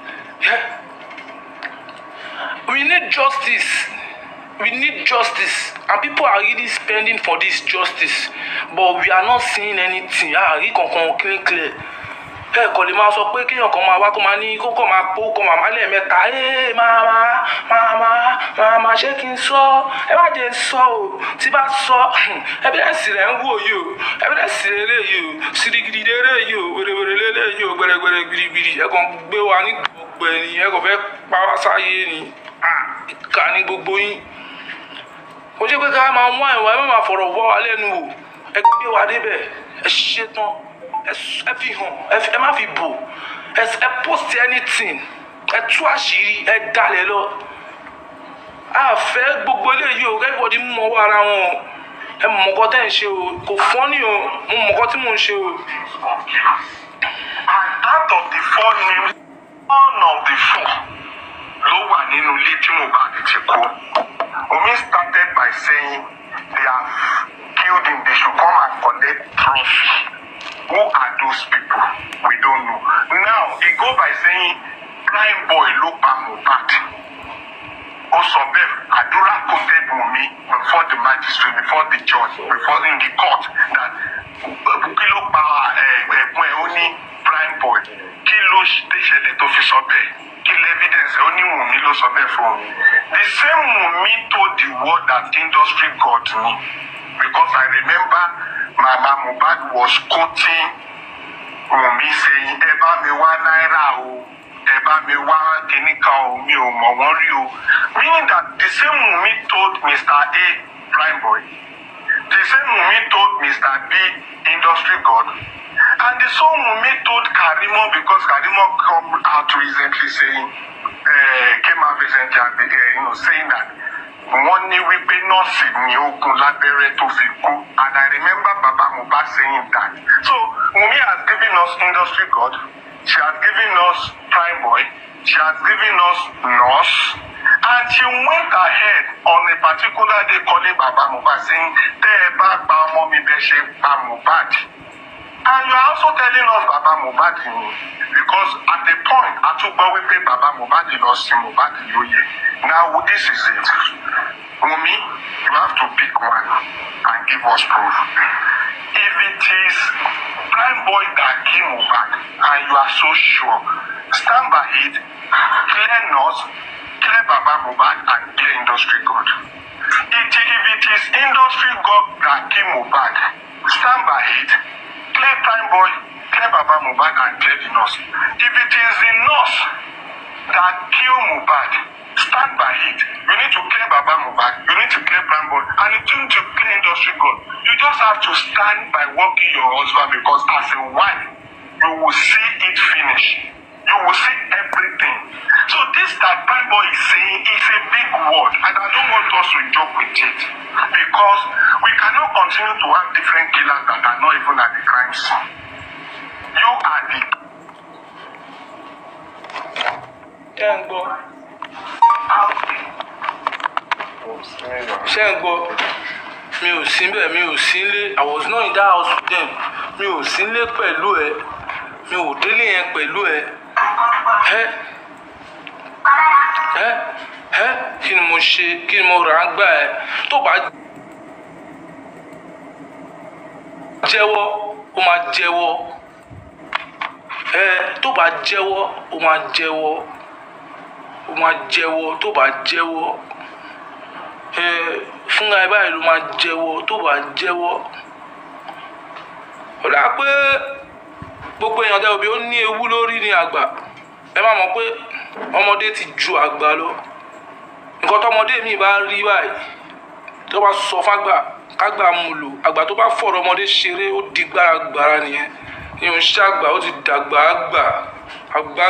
we need justice we need justice and people are really spending for this justice but we are not seeing anything ah rí kankan clean clear kẹ́ẹ̀kọ́ lè máa sọ pé kéèyàn kan máa wá kó máa ní kókó máa pó kó màmá lẹ́ẹ̀mẹ́ta ẹ́ẹ́ màmá màmá màmá ṣé kí n sọ ẹ má jẹ́ sọ o tí bá sọ evidence rẹ̀ ń wò yìí o evidence rẹ̀ lè yìí o sirigidi lè yìí o wèrèwèrè lè yìí o gbẹrẹgbẹrẹ gbirigbiri ẹ kàn gbé wa ní gbogbo ẹni ẹ kàn fẹ́ pa wá sáyé ni ìkà ní gbogbo yín mo ṣe pé ká máa wá ìwà ẹ má máa fọ̀rọ̀ wọ́ wa lẹ́nu wò ẹ gbé wa débẹ̀ ẹ ṣetán ɛfi hàn ɛfi ɛ fi bò ɛ post anything ẹ tú àṣírí ẹ dalẹ̀ lọ àfẹ́ gbogbo eléyìí o everybody mọwọ́ ara wọn ẹ mọ̀kọ́ tẹ̀ ń o kò fọ́nì o mo mọ̀kọ́ tí mò ń ṣe o. and that of the four names one of the four ló wà nínú ilé tí Mohbad ti kú Wunmi started by saying they have killed him they should come and collect trophy. Who are those people? We don't know. Now, it go by saying, Crime boy ló pa Mohbad. Ó sọ bẹ́ẹ̀, àdúrà kò tẹ́gun mi before the magistrate, before the judge, before in the court that kí ló pa eh, ẹ̀gbọ́n ẹ̀ ó ní Prime boy. Kí ló ṣẹlẹ̀ tó fi sọ bẹ́ẹ̀? Kí lẹ́ evidence ẹ̀ ó ní Wùmí ló sọ bẹ́ẹ̀ fún mi. The same Wùmí told the world that industry got me because I remember my Mama Mohbad was quoting Wunmi saying ẹ bá mi wá náírà o ẹ bá mi wá kíní kan o mi ò mọ̀ wọ́n rí o meaning that the same Wunmi told Mr. A prime boy the same Wunmi told Mr. B industry god and the same Wunmi told Karimo because Karimo come out recently saying uh, came out recently and uh, you know saying that wọ́n ní wípé nọ́ọ̀sì ni ó gún lábẹ́rẹ́ tó fi kú and I remember baba Mohbad saying that so Wunmi has given us industry god she has given us prime boy she has given us nurse and she went ahead on a particular day calling baba Mohbad saying tẹ́ ẹ bá gba ọmọ mi bẹ́ẹ̀ ṣe pa Mohbad and you are also telling us baba mohbad ni because at the point atúgbọ́ wípé baba mohbad lọ sí mohbad lóye now this is it wunmi you have to pick one and give us proof if it is prime boy that kill mohbad and you are so sure stand by it clear nurse clear baba mohbad and clear industry god it if it is industry god that kill mohbad stand by it. Time boy tell baba mohbad and tell the nurse if it is the nurse that kill mohbad stand by it you need to clear baba mohbad you need to clear prime boy and you need to clear industry god you just have to stand by working your husband because as a wife you will see it finish you will see everything. So this that Bible is saying is a big word, and I don't want us to joke with it because we cannot continue to have different killers that are not even at the crime scene. You are the. Ṣẹ́ǹgbọ́. Ṣẹ́ǹgbọ́ mi ò sí bẹ́ẹ̀ mi ò sí lé I was not in that house with them mi ò sí lé pẹ̀lú ẹ mi ò délé yẹn pẹ̀lú ẹ ẹ ẹ ẹ kí ni mo ṣe kí ni mo rà á gbà ẹ tó bá jẹ́wọ́ ó máa jẹ́wọ́ ẹ tó bá jẹ́wọ́ ó máa jẹ́wọ́ ó máa jẹ́wọ́ tó bá jẹ́wọ́ ẹ fúnra ẹ báyìí ló máa jẹ́wọ́ tó bá jẹ́wọ́ ó pé. gbogbo èèyàn obi o ó ní ewu lórí ní àgbà ẹ má mọ̀ pé ọmọdé ti ju àgbà lọ nǹkan tọmọdé mi bá rí báyìí tó bá sọ fágbà kágbà mu agba àgbà tó bá omode ọmọdé ṣeré ó di gbára ni nìyẹn ìyọ̀nṣẹ́ àgbà ó ti dàgbà àgbà àgbà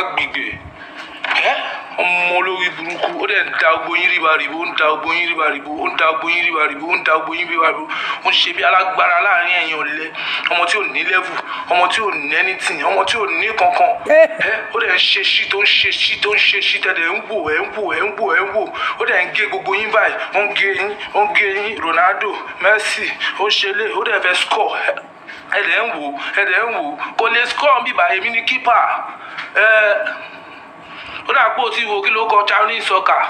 ọmọ olórí burúkú ó dẹ̀ ń da ogbóyin ríbaríbo ó ń da ogbóyin ríbaríbo ó ń da ogbóyin ríbaríbo ó ń da ogbóyin ríbaríbo ó ń ṣe bí alágbára láàrin ẹ̀yìn ọ̀lẹ ọmọ tí ò ní level ọmọ tí ò ní anything ọmọ tí ò ní kankan eh. ẹ ó dẹ̀ ń ṣe ṣí tó ń ṣe ṣí tó ń ṣe ṣí tẹ̀lé ń wò ẹ̀ ń wò ẹ̀ ń wò ẹ̀ ń wò ó dẹ̀ ń gé gbogbo yín báyìí ó ń gé yín ó ń gé yín Ronaldo Messi ó ń ó dà pé o ti wo kí ló kọ Chinese soccer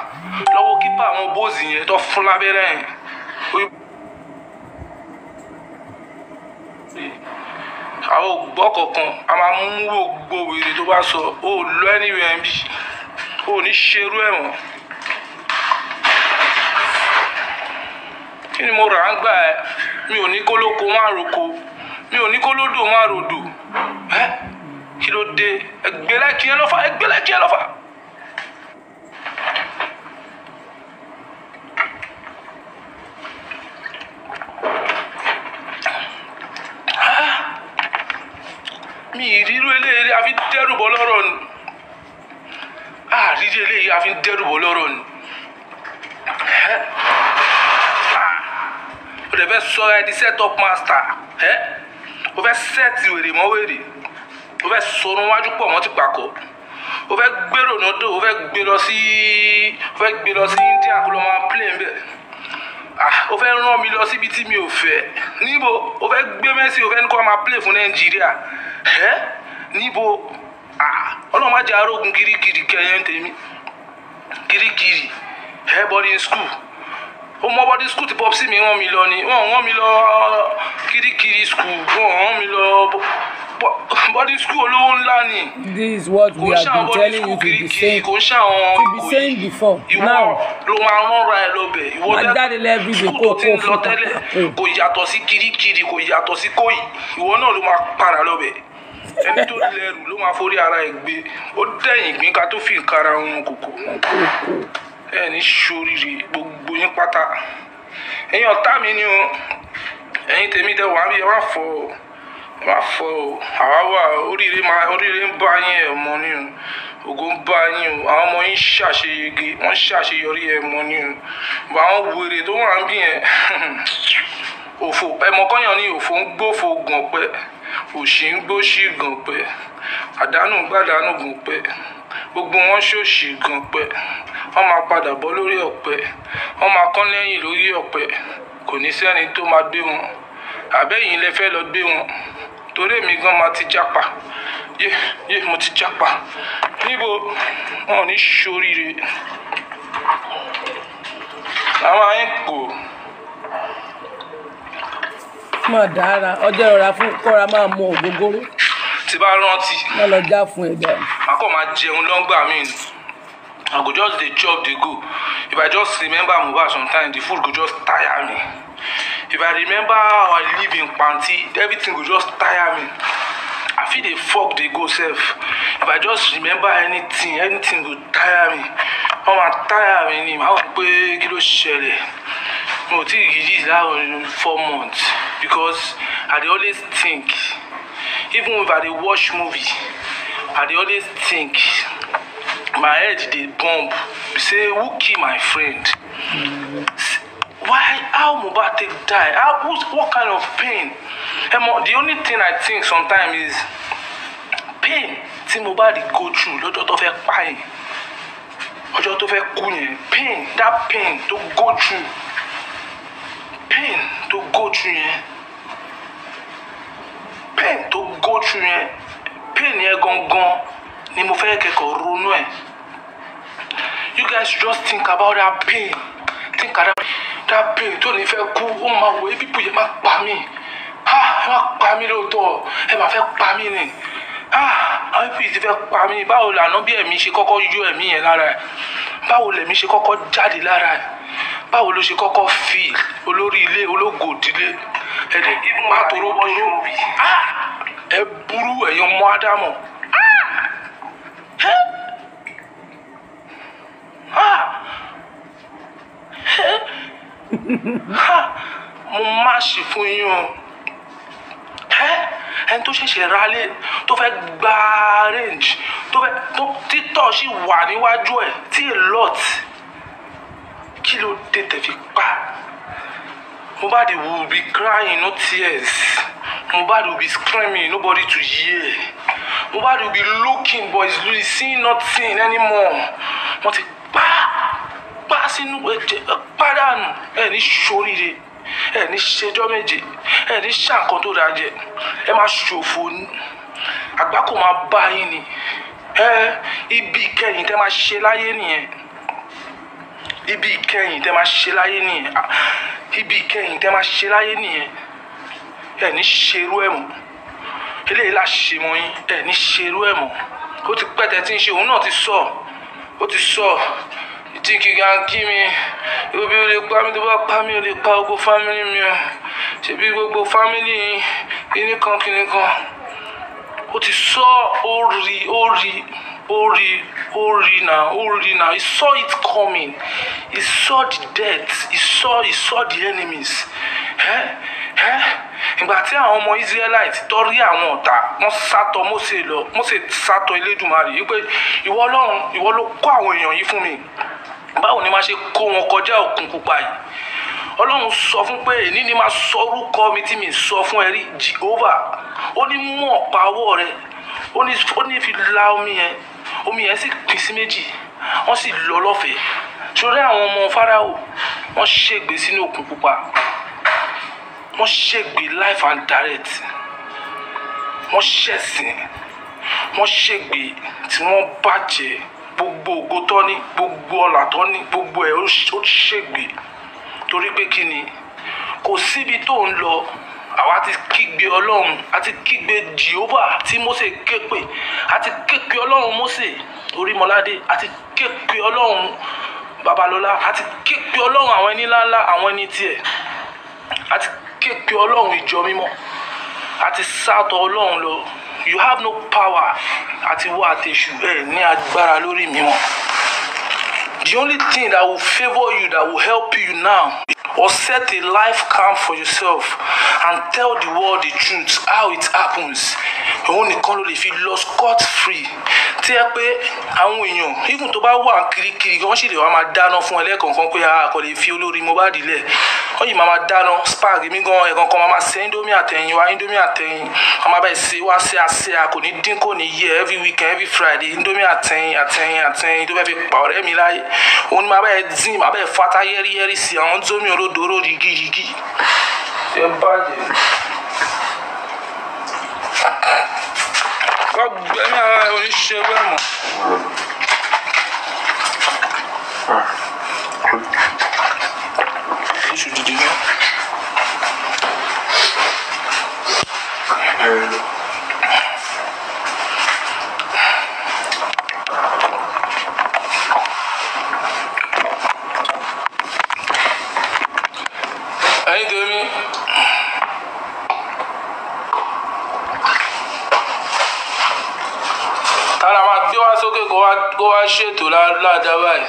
lọ́wọ́ kípa àwọn bóòsì yẹn tó fún lábẹ́rẹ́ yẹn. àwọn ògbọ́ kọ̀ọ̀kan a máa mú gbogbo wèrè tó bá sọ ó lọ anywhere bí ó ní ṣerú ẹ̀ kí ni mo rà á ń gbà ẹ́ mi ò ní kólóko má roko mi ò ní kólódò má rodò ẹ́ kí ló dé ẹgbẹ́lẹ́kì ẹ lọ́fà ẹgbẹ́lẹ́kì ẹ lọ́fà. mi ìrírú eléyìí a fi ń dẹ́rù bọ́ lọ́rọ̀ ni àrírí eléyìí a fi ń dẹ́rù bọ́ lọ́rọ̀ ni o dẹ̀ fẹ́ sọ ẹ di set up master ẹ o fẹ́ sẹ́ẹ̀tì wèrè mọ́ wèrè o fẹ́ sọ̀rọ̀ wájú pọ̀ mọ́ ti pàkọ́ o fẹ́ gbèrò náà dò o fẹ́ gbé lọ sí o fẹ́ gbé lọ sí India kó lọ máa play ń o ah, fẹ́ rán mi lọ síbi tí mi ò fẹ́ níbo o fẹ́ gbé Messi o fẹ́ ní kó máa play fún Nàìjíríà ẹ́ níbo ah, ọlọ́run má jẹ́ arógun kirikiri kẹyẹ́ tèmi kirikiri ẹ́ boarding school ó mọ boarding school ti pọ́psí mi rán mi lọ ni wọ́n rán mi lọ kirikiri school wọ́n rán mi lọ body school olówó ńlá ni. this is what we have been telling you to be saying to be saying before now. ló máa rán ra ẹ lọbẹ. ìwọ dá school tó ti ń lọ tẹ́lẹ̀ oh. kò yàtọ̀ sí kirikiri kò yàtọ̀ sí kóyì ìwọ náà ló máa para lọbẹ ẹni tó lẹ́rù ló máa forí ara ẹ̀ gbé ó dẹ̀yìn gbín ká tó fi ìkara ohun kòkò ẹ sóríire gbogbo yín pátá ẹ̀yin ọ̀tá mi ni o ẹ̀yin tèmi dẹ̀ wá bí ẹ wá fọ ọ. Ma fọ o àwa wà oríire máa oríire ń bá yín ẹ̀ mọ́ ni o ògo ń bá yín o àwọn ọmọ yín ṣàṣeyege wọ́n ṣàṣeyọrí ẹ̀ mọ́ ni o àwọn wèrè tó wà ń bí yẹn òfò ẹ̀mọ́ kọ́yàn ni òfò ń gbófò gàn pẹ́ òṣì ń gbóṣì gàn pẹ́ àdánù ń gbàdánù gàn pẹ́ gbogbo wọn ṣòṣì gàn pẹ́ wọ́n máa padà bọ́ lórí ọ̀pẹ wọ́n máa kán lẹ́yìn lórí ọ̀pẹ kò ní sẹ́ni tó máa gbé wọn àbẹ́yìn lẹ fẹ́ lọ gbé wọn torí èmi gan ma ti japa yé yé mo ti japa níbo wọn ò ní ṣoríire àwọn ayé kò. má dára ọjọ́ ìrora fún kọ́ra máa mọ ògógóró. tí bá rántí. má lọ já fún ẹ̀dá. má kàn máa jẹun lọ́ngbà mi ni. I go just dey chop dey go. If I just remember Mohbad sometimes, the food go just tire me if i remember how i live in panty everything go just tire me i fit dey fok dey go sef if i just remember anything anything go tire me wọn máa tire me. ni màá wọ pé kí ló ṣẹlẹ̀ mi ò tí ì four months because i dey always think even if i dey watch movie i dey always think my head dey bump say who kill my friend why how Mohbad take die how who's, what kind of pain emo the only thing i think sometimes is pain tí Mohbad go through lọ́jọ́ tó fẹ́ pa yẹn ọjọ́ tó fẹ́ kú yẹn pain that pain to go through pain to go through yẹn pain to go through yẹn pain yẹn gangan ni mo fẹ́ kẹ́kọ̀ọ́ ronú ẹ̀ you guys just think about that pain think about that dábìrì tó ní fẹ́ kú ó máa wọ ebi bùyẹ má pa mí ha ẹ má pa mí lóòótọ́ ẹ má fẹ́ pa mí ni ha àwọn ebi ti fẹ́ pa mí báwo lànà bí ẹ̀mí ṣe kọ́kọ́ yọ ẹ̀mí yẹn lára ẹ̀ báwo lẹ̀mí ṣe kọ́kọ́ jáde lára ẹ̀ báwo ló ṣe kọ́kọ́ fi olórí ilé ológo ìdílé ẹ̀dẹ̀ má toró toró ẹ burú ẹ̀yin ọmọ ádámù. Ah! mo má ṣe fún yín o ẹni tó ṣẹ̀ṣẹ̀ rálé tó fẹ́ gba range tó fẹ́ tó títọ̀ sí wà níwájú ẹ̀ tí a lot kí ló dé tẹ̀fi pa Mohbad will be crying no tears Mohbad will be screaming nobody to hear Mohbad will be looking but he's seeing nothing anymore wọ́n ti sínú pàdánù ẹ ní ṣoríire ẹ ní ṣèjọ́ méje ẹ ní ṣàǹkan tó dáa jẹ ẹ máa ṣòfò ní àgbákò máa bá yín ni ẹ ibi ìkẹyìn tẹ máa ṣe láyé nìyẹn ibi ìkẹyìn tẹ máa ṣe láyé nìyẹn ibi ìkẹyìn tẹ máa ṣe láyé nìyẹn ẹ ní ṣerú ẹ mọ́ eléyìí la ṣe mọ́ yín ẹ ní ṣerú ẹ mọ́ ó ti pẹ́ tẹ́ tí ń ṣe òun náà ti sọ ó ti sọ think you can kill me òbí ò lè pa mí tó bá pa mí family mi o ṣebí gbogbo family yìí kíní kan kíní kan ó ti sọ ó rí ó rí ó now ó now he saw it coming he saw the death he saw he saw the enemies. Eh? Eh? ìgbà tí àwọn ọmọ israelite tọrí àwọn ọ̀tá wọn sátọ Mósè lọ Mósè sátọ Elédùmarè yìí pé ìwọ Ọlọ́run ìwọ ló kó àwọn èèyàn yìí fún mi báwo ni máa ṣe kó wọn kọjá òkun pupa yìí ọlọ́run sọ fún pé èní ni máa sọ orúkọ mi tí mi sọ fún ẹ rí Jehovah ó ní mú ọ̀pá ọwọ́ rẹ ó ní fi la omi yẹn omi yẹn sì pín sí méjì wọ́n sì lọ lọ́fẹ̀ẹ́ sórí àwọn ọmọ Fáráò wọ́n ṣègbè sínú òkun pupa wọ́n ṣègbè life and direct wọ́n ṣẹ̀sìn wọ́n ṣègbè tí wọ́n bàjẹ́ gbogbo ògo tó ní gbogbo ọlà tó ní gbogbo ẹ̀ ó ṣègbè torí pé kí ni kò síbi tó ń lọ àwa ti kígbe ọlọ́run a ti kígbe Jehovah tí Mósè képe a ti képe ọlọ́run Mósè Orímọládé a ti képe ọlọ́run Babalọ́lá a ti képe ọlọ́run àwọn ẹni ńláńlá àwọn ẹni tiẹ̀ a ti képe ọlọ́run ìjọ mímọ́ a ti sátọ̀ ọlọ́run lọ you have no power àti wọ àtẹ̀sù ẹ̀ ní agbára lórí mi wọn The only thing that will favor you, that will help you now, or set a life camp for yourself and tell the world the truth how it happens òun nìkan ló lè fi lọ scot free tí ẹ pé àwọn èèyàn even tó bá wà kirikiri wọ́n sì lè wá máa dáná fún ẹlẹ́kọ̀ọ̀kan pé àkọ́ ah, lè fi olórí Mohbad lẹ̀ wọ́n yìí máa máa dáná spark mi gan ẹ̀kan kan máa máa ṣe indomie àtẹ̀yìn wá indomie àtẹ̀yìn wọ́n máa báyìí ṣe wá ṣe àṣe à kò ní dín kò ní yẹ every weekend every Friday indomie àtẹ̀yìn àtẹ̀yìn àtẹ̀yìn tó fẹ́ fi pa ọ̀rẹ́ mi láyé òun ni màá bẹ́ẹ̀ dín màá bẹ́ẹ̀ fata yẹ́rìyẹ́rì sí àwọn tómi olódòró yigiyigi ẹ bàjẹ́ wọ́n gbẹ́mí ara ẹ̀ oníṣẹ́ bẹ́ẹ̀ mọ́. Iṣu dídí náà. máa ṣètò ládàá báyìí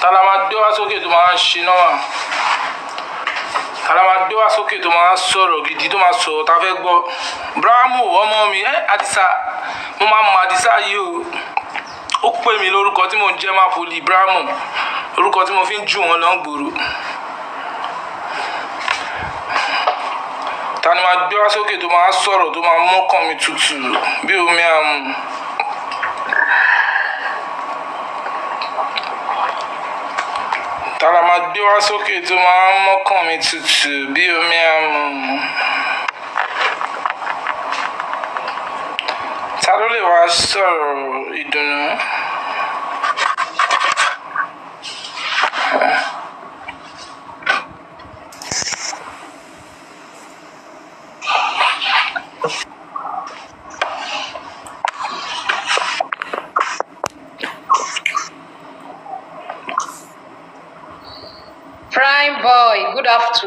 tala máa gbé wá sókè tó máa ṣe náà tala máa gbé wá sókè tó máa sọ̀rọ̀ gidi tó máa sọ̀rọ̀ tá a fẹ́ gbọ́ brahamu ọmọ mi ẹ àdìsá mo máa mọ àdìsá yìí o ó pè mí lórúkọ tí mo ń jẹ́ máa poli brahamu orúkọ tí mo fi ń jù wọ́n lọ ń gbòòrò. ta ni máa gbé wá sókè tó máa sọ̀rọ̀ tó máa mọ́kàn mi tutù bí omi àmú. gbé wá sókè tó máa ń mọ́kàn mi tutù bí omi àmù. ta ló lè wá sọ̀rọ̀ ìdùnnú?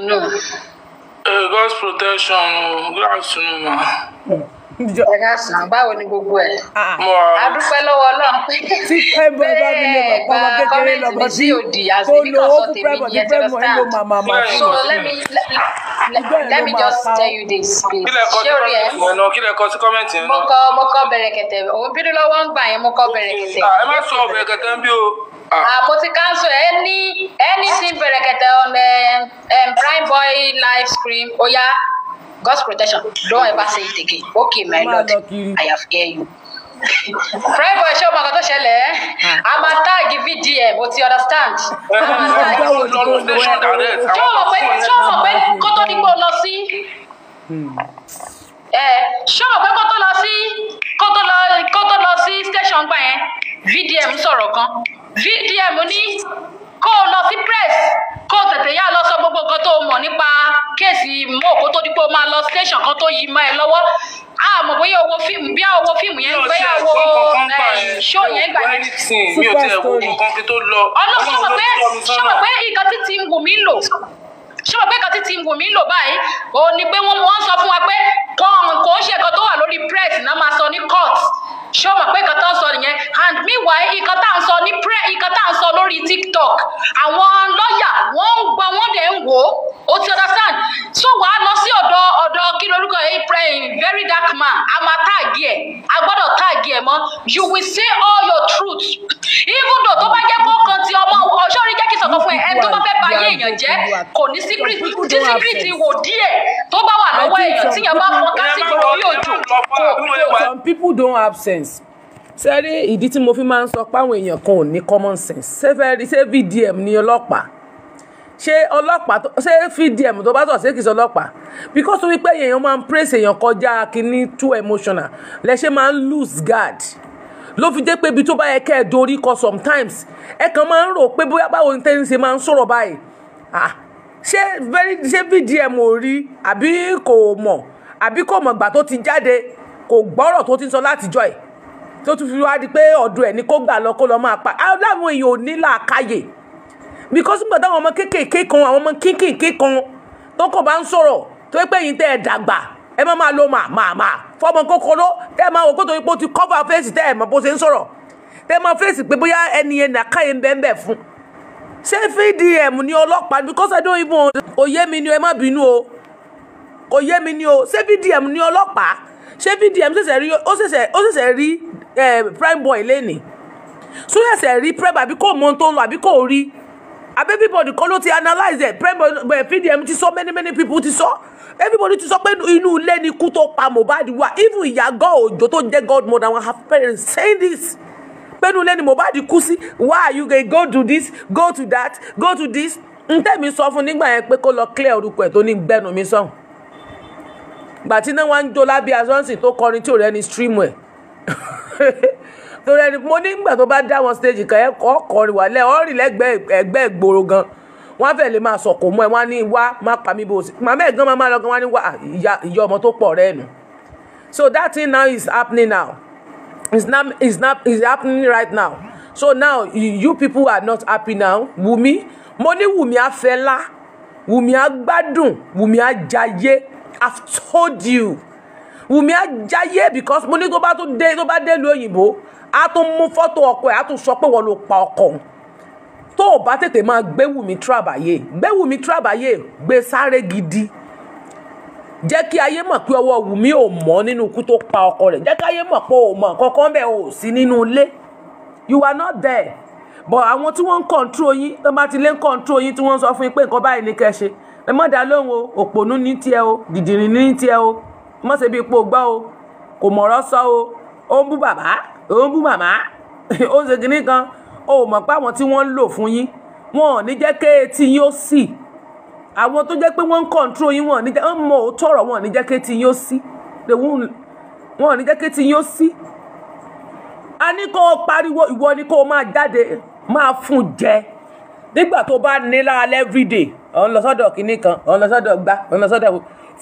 afternoon. Hey, eh, God's protection o, good afternoon ma. Ẹ̀ka sàn, báwo ni gbogbo ẹ̀? Ah, ah. A dúpẹ́ lọ́wọ́ Ọlọ́run pé bẹ́ẹ̀ bá kọ́mẹ́ntì mi sí òdì So let me let me just tell you this please ṣé orí ẹ mo kọ mo kọ bẹ̀rẹ̀kẹ̀tẹ̀ òun bínú lọ́wọ́ ń gbà yẹn mo kọ bẹ̀rẹ̀kẹ̀tẹ̀. Ah, ẹ má sọ bẹ̀rẹ̀kẹ̀tẹ̀ ń bí o. Ah. Ah, mo ti cancel any anything bẹ̀rẹ̀kẹ̀tẹ̀ on um, um, prime boy live stream oya God's protection don't ever say it again okay my lord I have heard you. Primeboy ṣé o mọ̀ kan tó ah. A máa táàgì VDM, o ti understand? A máa eh, táàgì ṣé o mọ̀ pé ṣé o mọ̀ pé hmm. kó tó ní kó lọ sí? Eh, ṣé o mọ̀ pé kó tó lọ sí kó lọ sí station gbà yẹn? VDM sọ̀rọ̀ kan. VDM ní kó o lọ sí press kó o tètè yá lọ sọ gbogbo nǹkan tó o mọ̀ nípa kéèsì mọ́ òkú tó dípò máa lọ station kan tó yí mọ́ ẹ lọ́wọ́ mọ̀ bóyá owó fíìmù bí owó fíìmù yẹn bóyá owó ṣó yẹn gbà yẹn. ọlọ́run sọ pé sọ pé nǹkan ti ń wù mí lò ṣé mo pé kan títí Wùmí lò báyìí ò ní pé wọ́n wọ́n sọ fún wa pé kan kò ń ṣe kan tó wà lórí press náà máa sọ ní court ṣé o mọ̀ pé kan tó ń sọ nìyẹn and meanwhile ìkan tá à ń sọ ní press ìkan tá à ń sọ lórí TikTok àwọn lọ́ọ̀yà wọ́n ń gbọ́ wọ́n dẹ̀ ń wò ó o ti understand so wàá lọ sí ọ̀dọ̀ ọ̀dọ̀ kí lorúkọ april very dark man a máa táàgì ẹ̀ a gbọ́dọ̀ táàgì ẹ̀ mọ́ you will say all your truth even though tó bá jẹ́ kó kan ti ọmọ ọ̀ṣọ́rin jẹ́ kí sọ̀kan fún ẹ ẹni tó bá fẹ́ bá yé èèyàn jẹ́ kò ní sí síkírìtì wò díẹ̀ tó bá wà lọ́wọ́ èèyàn tíyẹn bá fọn kásìkò lórí òjò kò kò. some people don't have sense sẹ́rí ìdí tí mo fi máa ń sọ páwọn èèyàn kan ò ní common sense ṣé fẹ́ rí ṣé vdm ní ọlọ́pàá ṣé ọlọ́pàá ṣé vdm tó bá sọ ṣé kìí ṣe ọlọ́pàá because wípé èèyàn máa ń praise èèyàn kọjá kínní too emotional lẹ́ṣẹ̀ máa ń lose guard ló fi jẹ́ pé ibi tó bá yẹ kẹ́ ẹ̀ dorí kọ sometimes ẹ kàn máa ń rò pé bóyá báwo ni tẹ́yìn ṣe máa ń sọ̀rọ̀ báyìí ah, ṣé very ṣé VDM ò rí àbí kò mọ̀ àbí kò mọ̀gbà tó ti jáde kò gbọ́rọ̀ tó ti sọ látijọ́ ẹ̀ tó tún fi wá di pé ọ̀dọ̀ ẹ̀ ni kó gbà lọ kó lọ máa pa láwọn èèyàn ò ní làákàyè because nígbà táwọn ọmọ kéékèèké kan àwọn ọmọ kínkìnkì kan tó kò bá ń sọ̀rọ̀ tó pé yín tẹ́ ẹ̀ dàgbà ẹ má máa lo màmá fọmọ kókóró tẹ́ ẹ máa wò kó tó yípo ti cover face tẹ́ ẹ̀ mọ̀ bó ṣe ń sọ̀rọ̀ tẹ́ ẹ máa face pé bóyá ẹni yẹn nàkàyè ń bẹ́ẹ̀ fún un ṣé vdm ni ọlọ́pàá because I don't even òye mi ni ẹ má bínú o òye mi ni o ṣé vdm ni ọlọ́pàá ṣé vdm ṣẹ̀ṣẹ̀ rí ó ṣẹ̀ṣẹ̀ ó rí prime boy lẹ́nìí ṣó ṣẹ̀ṣẹ̀ rí prep àbí kò mọ ohun tó ń lọ àbí kò rí àbí everybody kọ́ ló ti analyze ẹ̀ prime boy vdm ti sọ many many people ti sọ everybody ti sọ pé inú ilé ni ikú tó pa Mohbad wà even ìyá gọ́ òjò tó jẹ́ godmother àwọn her parents saying this pẹ́nu lẹ́ni Mohbad kú sí why you dey go do this go to that go to this ntẹ́mi sọ fún nígbà yẹn pé kó lọ clear orúkọ ẹ̀ tó ní gbẹ́nu mi sọ̀hún gbàtí náà wọ́n ń jó lábẹ́ asọ́nsìn tó kọrin tí ò rẹ́ni stream ẹ̀ torí ẹni mo nígbà tó bá dá wọn stage kan ẹ kọ́ kọrin wà lẹ́ ọ̀rìn lẹ́gbẹ̀ẹ́ ẹgbẹ́ ìgboro gan wọ́n fẹ́ lè máa sọ̀kò mọ́ ẹ wọ́n á ní wá má pa mí bó o sì màmá ẹ̀ gan máa lọ gan wọ́n á ní wá ìyá ọmọ tó pọ̀ rẹ́ nu so that thing now is happening now it's not it's not it's happening right now so now you, people are not happy now Wumi money ní Wumi afẹlá Wumi agbádùn Wumi ajayé I've told you Wumi ajayé because money go tó bá tó dé tó bá dé lu òyìnbó a tún mú fọ́tò ọkọ ẹ̀ a tún sọ pé wọ́n ló pa ọkọ òun Wumi trabaye, ayé Wumi trabaye, ayé sare gidi jẹ́ kí ayé mọ̀ pé ọwọ́ Wùmí ò mọ́ nínú ikú tó pa ọkọ rẹ̀ jẹ́ kí ayé mọ̀ pé ò mọ̀ kankan bẹ́ẹ̀ ò sí nínú ilé you are not there but àwọn tí wọ́n ń control yín tó bá ti lé ń control yín tí wọ́n ń sọ fún yín pé nǹkan báyìí ní kẹ́ ṣe ẹ mọ̀ dá lóhùn o òpònú ní tiẹ̀ o dìdìrín ní tiẹ̀ o mọ̀ ṣe bí ipò gbọ́ o kò mọ̀rọ̀ sọ o ó ń bú bàbá ó ń bú màmá ó ń ṣe kinní kan o mọ̀ pé àwọn tí wọ́n ń lò fún yín wọn ò ní jẹ́ kéétí yín ó sì àwọn tó jẹ́ pé wọ́n ń control yín wọ́n ní jẹ́ wọ́n mọ òótọ́ ọ̀rọ̀ wọ́n ní jẹ́ kí ti yín ó sí wọ́n ní jẹ́ kí ti yín ó sí. a ní kó o pariwo ìwọ ni kó o máa jáde máa fún jẹ nígbà tó bá ní lára everyday ọ̀n lọ sọ́dọ̀ kìíní kan ọ̀n lọ sọ́dọ̀ gbá ọ̀n lọ sọ́dọ̀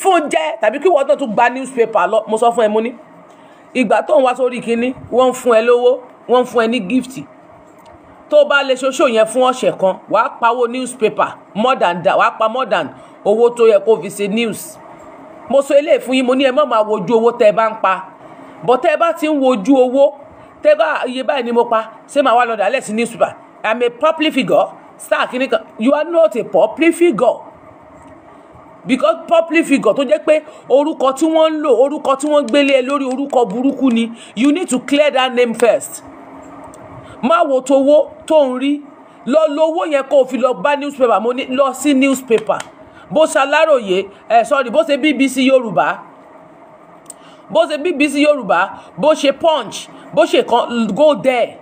fún jẹ tàbí kí wọ́n tó tún gba newspaper lọ mo sọ fún ẹ mo ní ìgbà tó ń wá sórí kìíní wọ́n ń fún ẹ lówó wọ́n ń fún ẹ ní gift tó bá lè ṣoṣo yẹn fún ọ̀sẹ̀ kan wàá pawó newspaper more than that wàá pa more than owó tó yẹ kó fi ṣe news mo sọ eléyìí fún yín mo ní ẹ má máa wojú owó tẹ ẹ bá ń pa bọ́ tẹ ẹ bá ti ń wojú owó tẹ bá iye báyìí ni mo pa ṣé màá wá lọ dàálẹ̀ sí newspaper i'm a public figure star kìíní kan you are not a public figure because public figure tó jẹ́ pé orúkọ tí wọ́n ń lò orúkọ tí wọ́n gbélé lórí orúkọ burúkú ni you need to clear that name first má wo towó tó ń rí lọ lówó yẹn kó o fi lọ bá newspaper mo ní lọ sí newspaper bó ṣaláròyé ẹ eh, sorry bó ṣe BBC Yorùbá bó ṣe BBC Yorùbá bó ṣe punch bó ṣe kan go there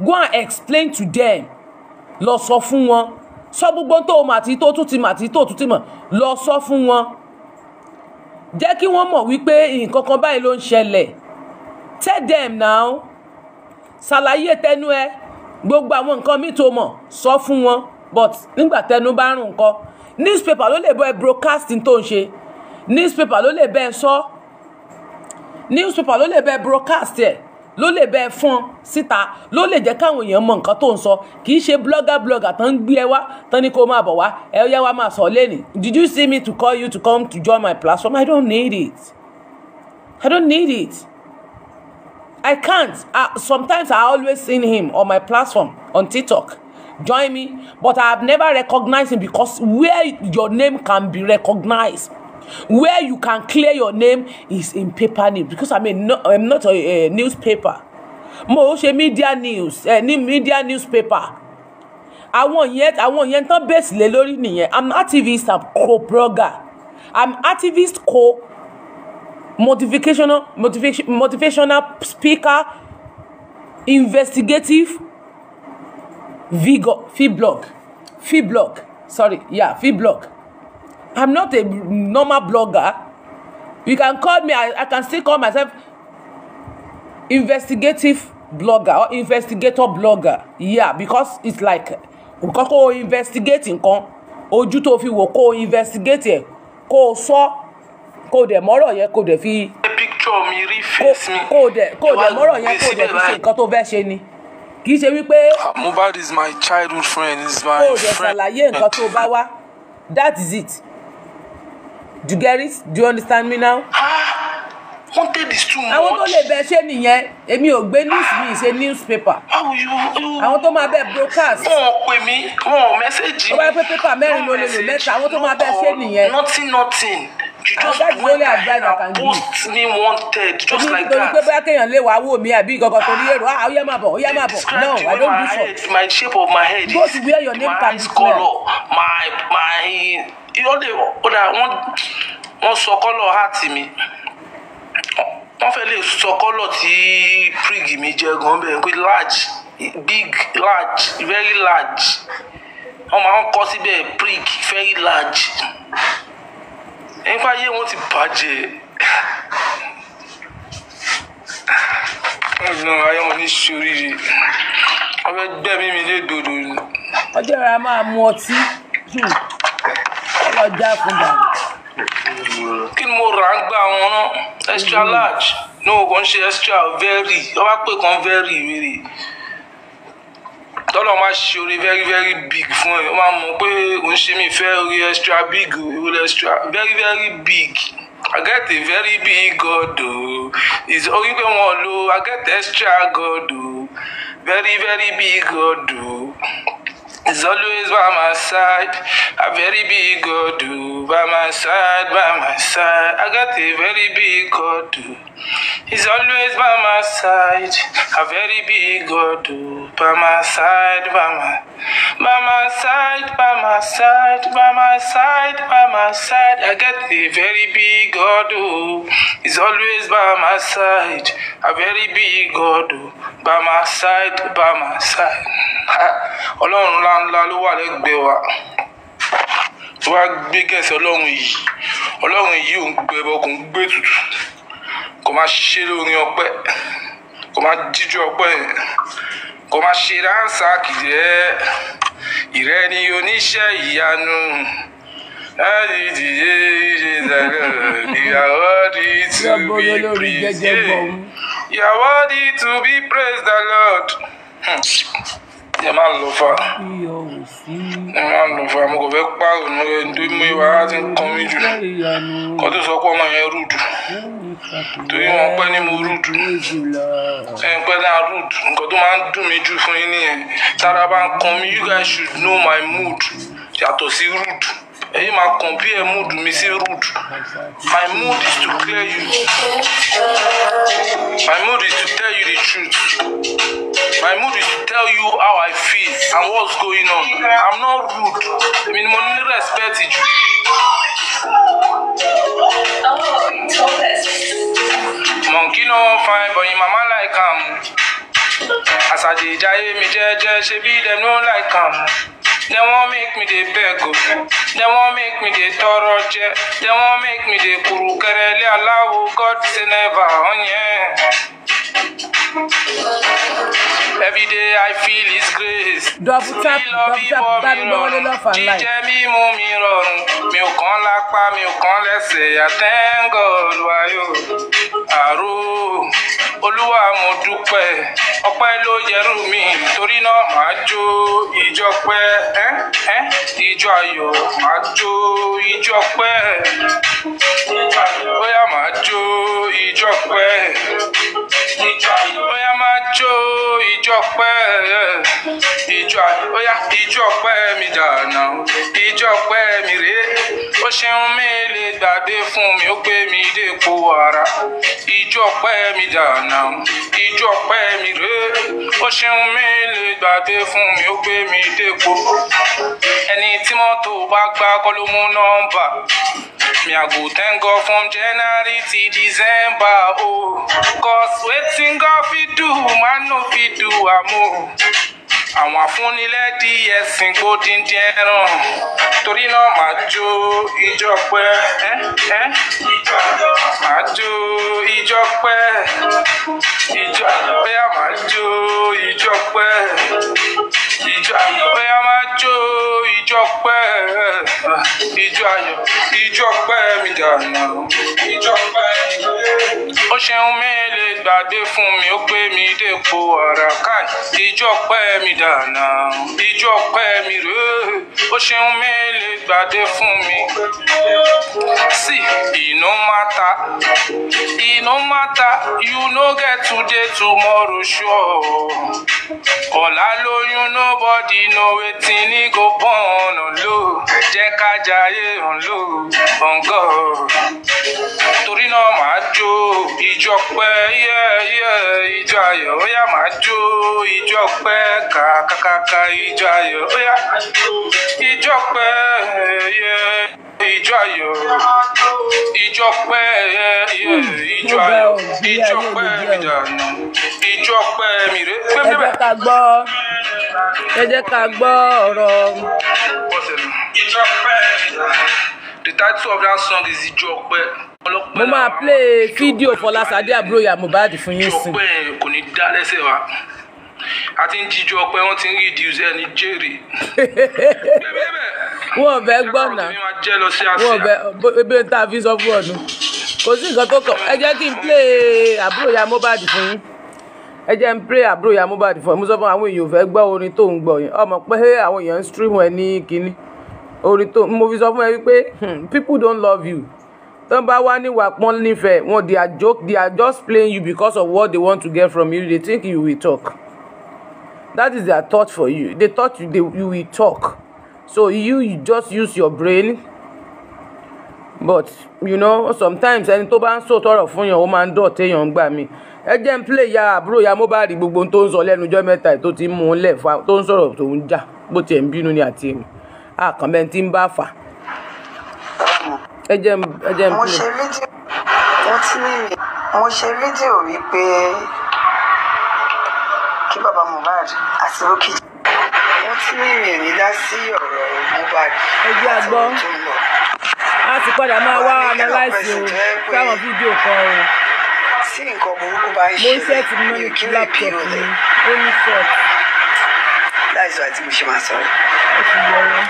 go and explain to them lọ sọ fún wọn sọ gbogbo tó o mà tí tó tún ti mà tí tó tún ti mọ̀ lọ sọ fún wọn jẹ́ kí wọ́n mọ̀ wípé nǹkan kan báyìí ló ń ṣẹlẹ̀ tell them now ṣàlàyé tẹnu ẹ gbogbo àwọn nǹkan mi tó mọ̀ sọ fún wọn but nígbà tẹnu bá rùn nǹkan newspaper ló lè bọ ẹ broadcasting tó ń ṣe newspaper ló lè bẹ ẹ sọ newspaper ló lè bẹ ẹ broadcast ẹ ló lè bẹ ẹ fún síta ló lè jẹ́ káwọn èèyàn mọ̀ nǹkan tó ń sọ kì í ṣe blogger blogger tó ń gbé ẹ wá tó ní kó máa bọ̀ wá ẹ yẹ wá máa sọ lẹ́nìí did you see me to call you to come to join my platform I don't need it I don't need it. I can't. I, sometimes I always seen him on my platform on TikTok. Join me, but I have never recognized him because where your name can be recognized, where you can clear your name is in paper news because I mean no, I'm not a, a newspaper. Mo ṣe media news, eh, media newspaper. I want yet. I want yet. Not lórí nìyẹn. I'm activist and co-blogger. I'm activist co-blogger motivational motivation motivational speaker investigative vigor fee blog, sorry yeah fee blog. i'm not a normal blogger you can call me i, I can still call myself investigative blogger or investigator blogger yeah because it's like nǹkan kó o investigate nǹkan ojú tó fi wò kó investigate ẹ̀ kó sọ. So, kò dẹ̀ mọ́rọ̀ yẹn kò dẹ̀ fi. ẹ picture mi rí face mi. kò dẹ̀ kò dẹ̀ mọ́rọ̀ yẹn kò dẹ̀ fi ṣe nǹkan tó fẹ́ ṣe ni kì í ṣe wípé. Ah, Mohbad is my childhood friend is my friend. kò dẹ̀ ṣàlàyé nǹkan tó bá wá that is it do you get it do you understand me now. Ah, wanted is too much. àwọn tó lè bẹ ṣe nìyẹn èmi ò gbé news mi ṣe newspaper. báwo yóò yóò. àwọn tó máa bẹ broadcast. wọn ò pè mí wọn ò mẹ́sẹ̀gì mi. ó wáyé pé pépà mẹ́rin ló lè lò mẹ́ta àwọn tó máa bẹ ṣe nìyẹn. nothing nothing you just went ahead and post Me wanted just like that. torí pé bóyá kéèyàn lè wá wò mí àbí kankan torí èrò ah ó yá máa bọ̀ ó yá máa bọ̀ no i don't do so. my shape of my head is my eyes colour my my irọ́ lè ọ̀dà wọ́n wọ́n sọ kọ́lọ̀ heart mi wọ́n fẹ́ lè sọ kọ́lọ̀ tí prig mi jẹ́ gan bẹ́ẹ̀ pé large big large very large wọ́n máa ń kọ́ síbẹ̀ prig very large nípa ayé wọn ti bàjẹ́ ọ̀nà ayé wọn ní ṣoríire ọbẹ̀ gbẹ̀mí mi lé dòdò ni. ọjọ́ ìrora máa mu ọtí jù ọjà fún mi. kí ni mo rà ń gbà wọn náà extra large ní oògùn ṣe extra very ọba pé kan very wèrè tọ́lọ́ máa ṣe orí very very big fún ẹ ó máa mọ̀ pé òun ṣe mí fẹ́ orí extra big orí extra very very big I get a very big God o oh. is orí pé wọn lo I get extra God o oh. very very big God o oh. is always by my side a very big God o by my side by my side I get a very big God o. He's always by my side. A very big God oh, by my side, by my, by my side, by my side, by my side, by my side. I get a very big God oh. He's always by my side. A very big God oh, by my side, by my side. Ọlọ́run ńlá ńlá ló wà lẹ́gbẹ̀ẹ́ wa. Wá gbé gẹ̀ẹ́sì ọlọ́run yi. Ọlọ́run yìí ò ń gbẹ ẹbọ kò ń kó máa ṣe lórin ọpẹ́ kó máa jíjó ọpẹ́ yẹn kó máa ṣe ránṣà kìjẹ́ ìrẹ́ ni oníṣẹ́ ìyanu láti dìde ìṣe ìdàgbà ìyàwó di to be praised ìyàwó di to be praised the Lord. Hmm ẹ máa lọ fa ẹ máa lọ fa mo kò fẹ́ pààrọ̀ ní rẹ nítorí mo ìwà á ti ń kan mí jù kó tó sọ pé ọmọ yẹn rúdù torí wọn pẹ́ ní mo rúdù ẹ pẹ́ náà rúdù nǹkan tó máa ń dùn mí jù fún yín nìyẹn tára bá ń kan mí you guys should know my mood yàtọ̀ sí rúdù èyí máa compare mood mi sí rude my mood is to clear you my mood is to tell you the truth my mood is to tell you how i feel and what's going on i'm not rude I mean, mo ní respect you. monkey no fine but your mama like am as i dey jaye mi she be them no like am. They won't make me they beg. They won't make me they toro je. They won't make me they kuru kerele allow God say never on yeah. Every day I feel His grace. Double tap, double tap, tap lọ́wọ́lé lọ́fà láì. Jíjẹ mímú mi rọrùn, mi ò kàn lápá, mi ò kàn lẹ́sẹ̀, I thank God wáyò. Àrò olúwa mo dúpẹ́ ọpẹ́ ló yẹrù mi torí náà màá jó ìjọ pẹ́ ìjọ ayọ̀ màá jó ìjọ pẹ́ bóyá màá jó ìjọ pẹ́ bóyá màá jó ìjọ pẹ́ ìjọ pẹ́ mi dànù ìjọ pẹ́ mi rèé ó ṣeun mi lè gbàdé fún mi ó gbé mi dépò ara ìjọ pẹ́ mi dànù àná ijó ọpẹ́ mi rèé ó ṣeun mi lè gbàgbé fún mi ó gbé mi dépò ẹni tí mọ́tò bá gbá kọ́ ló mú nọ́mbà me i go thank from january till december oh cause wetin god fit do man no fit do am o. Oh àwọn afúnilẹ́dí ẹ̀sìn kó díndín ẹran torí náà màá jó ijó pẹ́ màá jó ijó pẹ́ ijó bóyá màá jó ijó pẹ́ ijó bóyá màá jó ijó pẹ́ ijó ayọ̀ ijó pẹ́ mi dànù ijó pẹ́ ijó ó ṣeun mẹ́lẹ̀ gbàdé fún mi ó gbé mi dépò àràkàn ìjọ pẹ́ mi dànà ìjọ pẹ́ mi rèé ó ṣeun mẹ́lẹ̀ gbàdé fún mi. see e no matter e no matter you no get today tomorrow sure ọ̀la lóyún nobody know wetin e go born on lo jẹ́ ká jayé on lo on God torí náà màá dùn jó ìjọ pẹ́ yẹ́yẹ́ ìjọ ayọ̀ ó yá máa jó ìjọ pẹ́ kàkàkàkà ìjọ ayọ̀ ó yá ìjọ pẹ́ yẹ́ ìjọ ayọ̀ ìjọ pẹ́ yẹ́ ìjọ ayọ̀ ìjọ pẹ́ ìdànù ìjọ pẹ́ mìíràn. ẹ jẹ́ ká gbọ́ ẹ jẹ́ ká gbọ́ ọ̀rọ̀. ìjọ pẹ́. The title of that song is Ijo Ope mo máa play fídíò Fọláṣadé àbúròyà Mohbad fún yín sìn. ìjọpẹ́ kò ní dá lẹ́sẹ̀ wa a ti ń jíjú ọpẹ́ wọ́n ti ń reduce ẹni jèrè. wọn ò bẹ́ẹ̀ gbọ́ wọn ò bẹ́ẹ̀ ebi tá a fi sọ fún ọdún kò sí nǹkan tó kọ ẹ jẹ́ kí n play àbúròyà Mohbad fún yín ẹ jẹ́ ń pray àbúrò Mohbad fún ẹ mo sọ fún àwọn èèyàn ò fẹ́ orin tó ń gbọ́ yẹn ọmọ pé àwọn èèyàn ń stream ẹ ní kínní orin tó mo fi sọ fún ẹ wípé hmm, people don't love you tán bá wá níwà pọ́n nífẹ̀ẹ́ wọn they are joke they are just playing you because of what they want to get from you they think you will talk that is their thought for you they thought you, they, you will talk so you, you just use your brain but you know sometimes ẹni tó bá ń sòtọrọ fún yàn ó máa ń dọ̀tẹ́ yàn ń gbà mí ẹ jẹ́ ń play ya àbúrò ya Mohbad gbogbo tó ń sọ lẹ́nu mẹ́ta tó ti mú un lẹ̀ fa tó ń sọ̀rọ̀ tó ń jà bó tiẹ̀ ń bínú ni àti èmi àkànbẹ́ tí ń bá fà ẹ jẹ́ n ẹ jẹ́ n play. mo ṣe fídíò mo ti mo ṣe fídíò wípé kí bàbá Mohbad àti Bukky mo ti ní ìrìn dá sí ọ̀rọ̀ Mohbad àti ojúmọ̀. a ti padà máa wá analyze o káwọn fídíò kan o. tí nǹkan burúkú bá ń ṣe mo ṣe ti mú laptop mi ó ní fọ́ọ̀tù. láìsọ àti mo ṣe máa sọ̀rọ̀. ó ti yọrọ.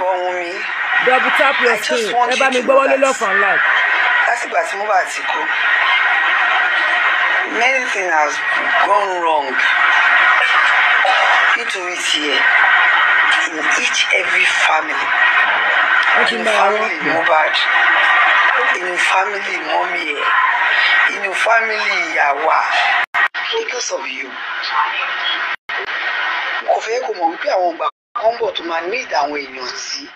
bọ́ ohun mi double tap your skin ẹ bá mi gbọ́wọ́ lé love and life. látìgbà tí Mohbad ti kú many things have gone wrong nítorí tiẹ̀ in each every family in family Mohbad in family mọ́mí in family ìyàwó because of you kò fẹ́ kó mọ̀ wípé àwọn ìgbà kan bọ̀ tó máa ní ìdáhùn èèyàn sí. Si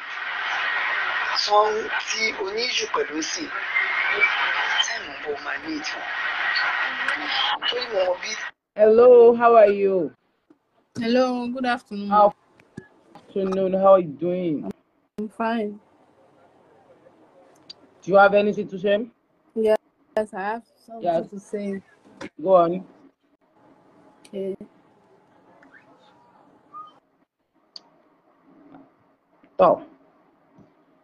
sọ ti oníṣù pẹ̀lú sí time bọ̀ máa ní ìtàn torí mo mọ bí. hello how are you. hello good afternoon. how afternoon how are you doing. i'm fine. do you have anything to say. yes, yes i have something yes. to say. go on. okay. Oh.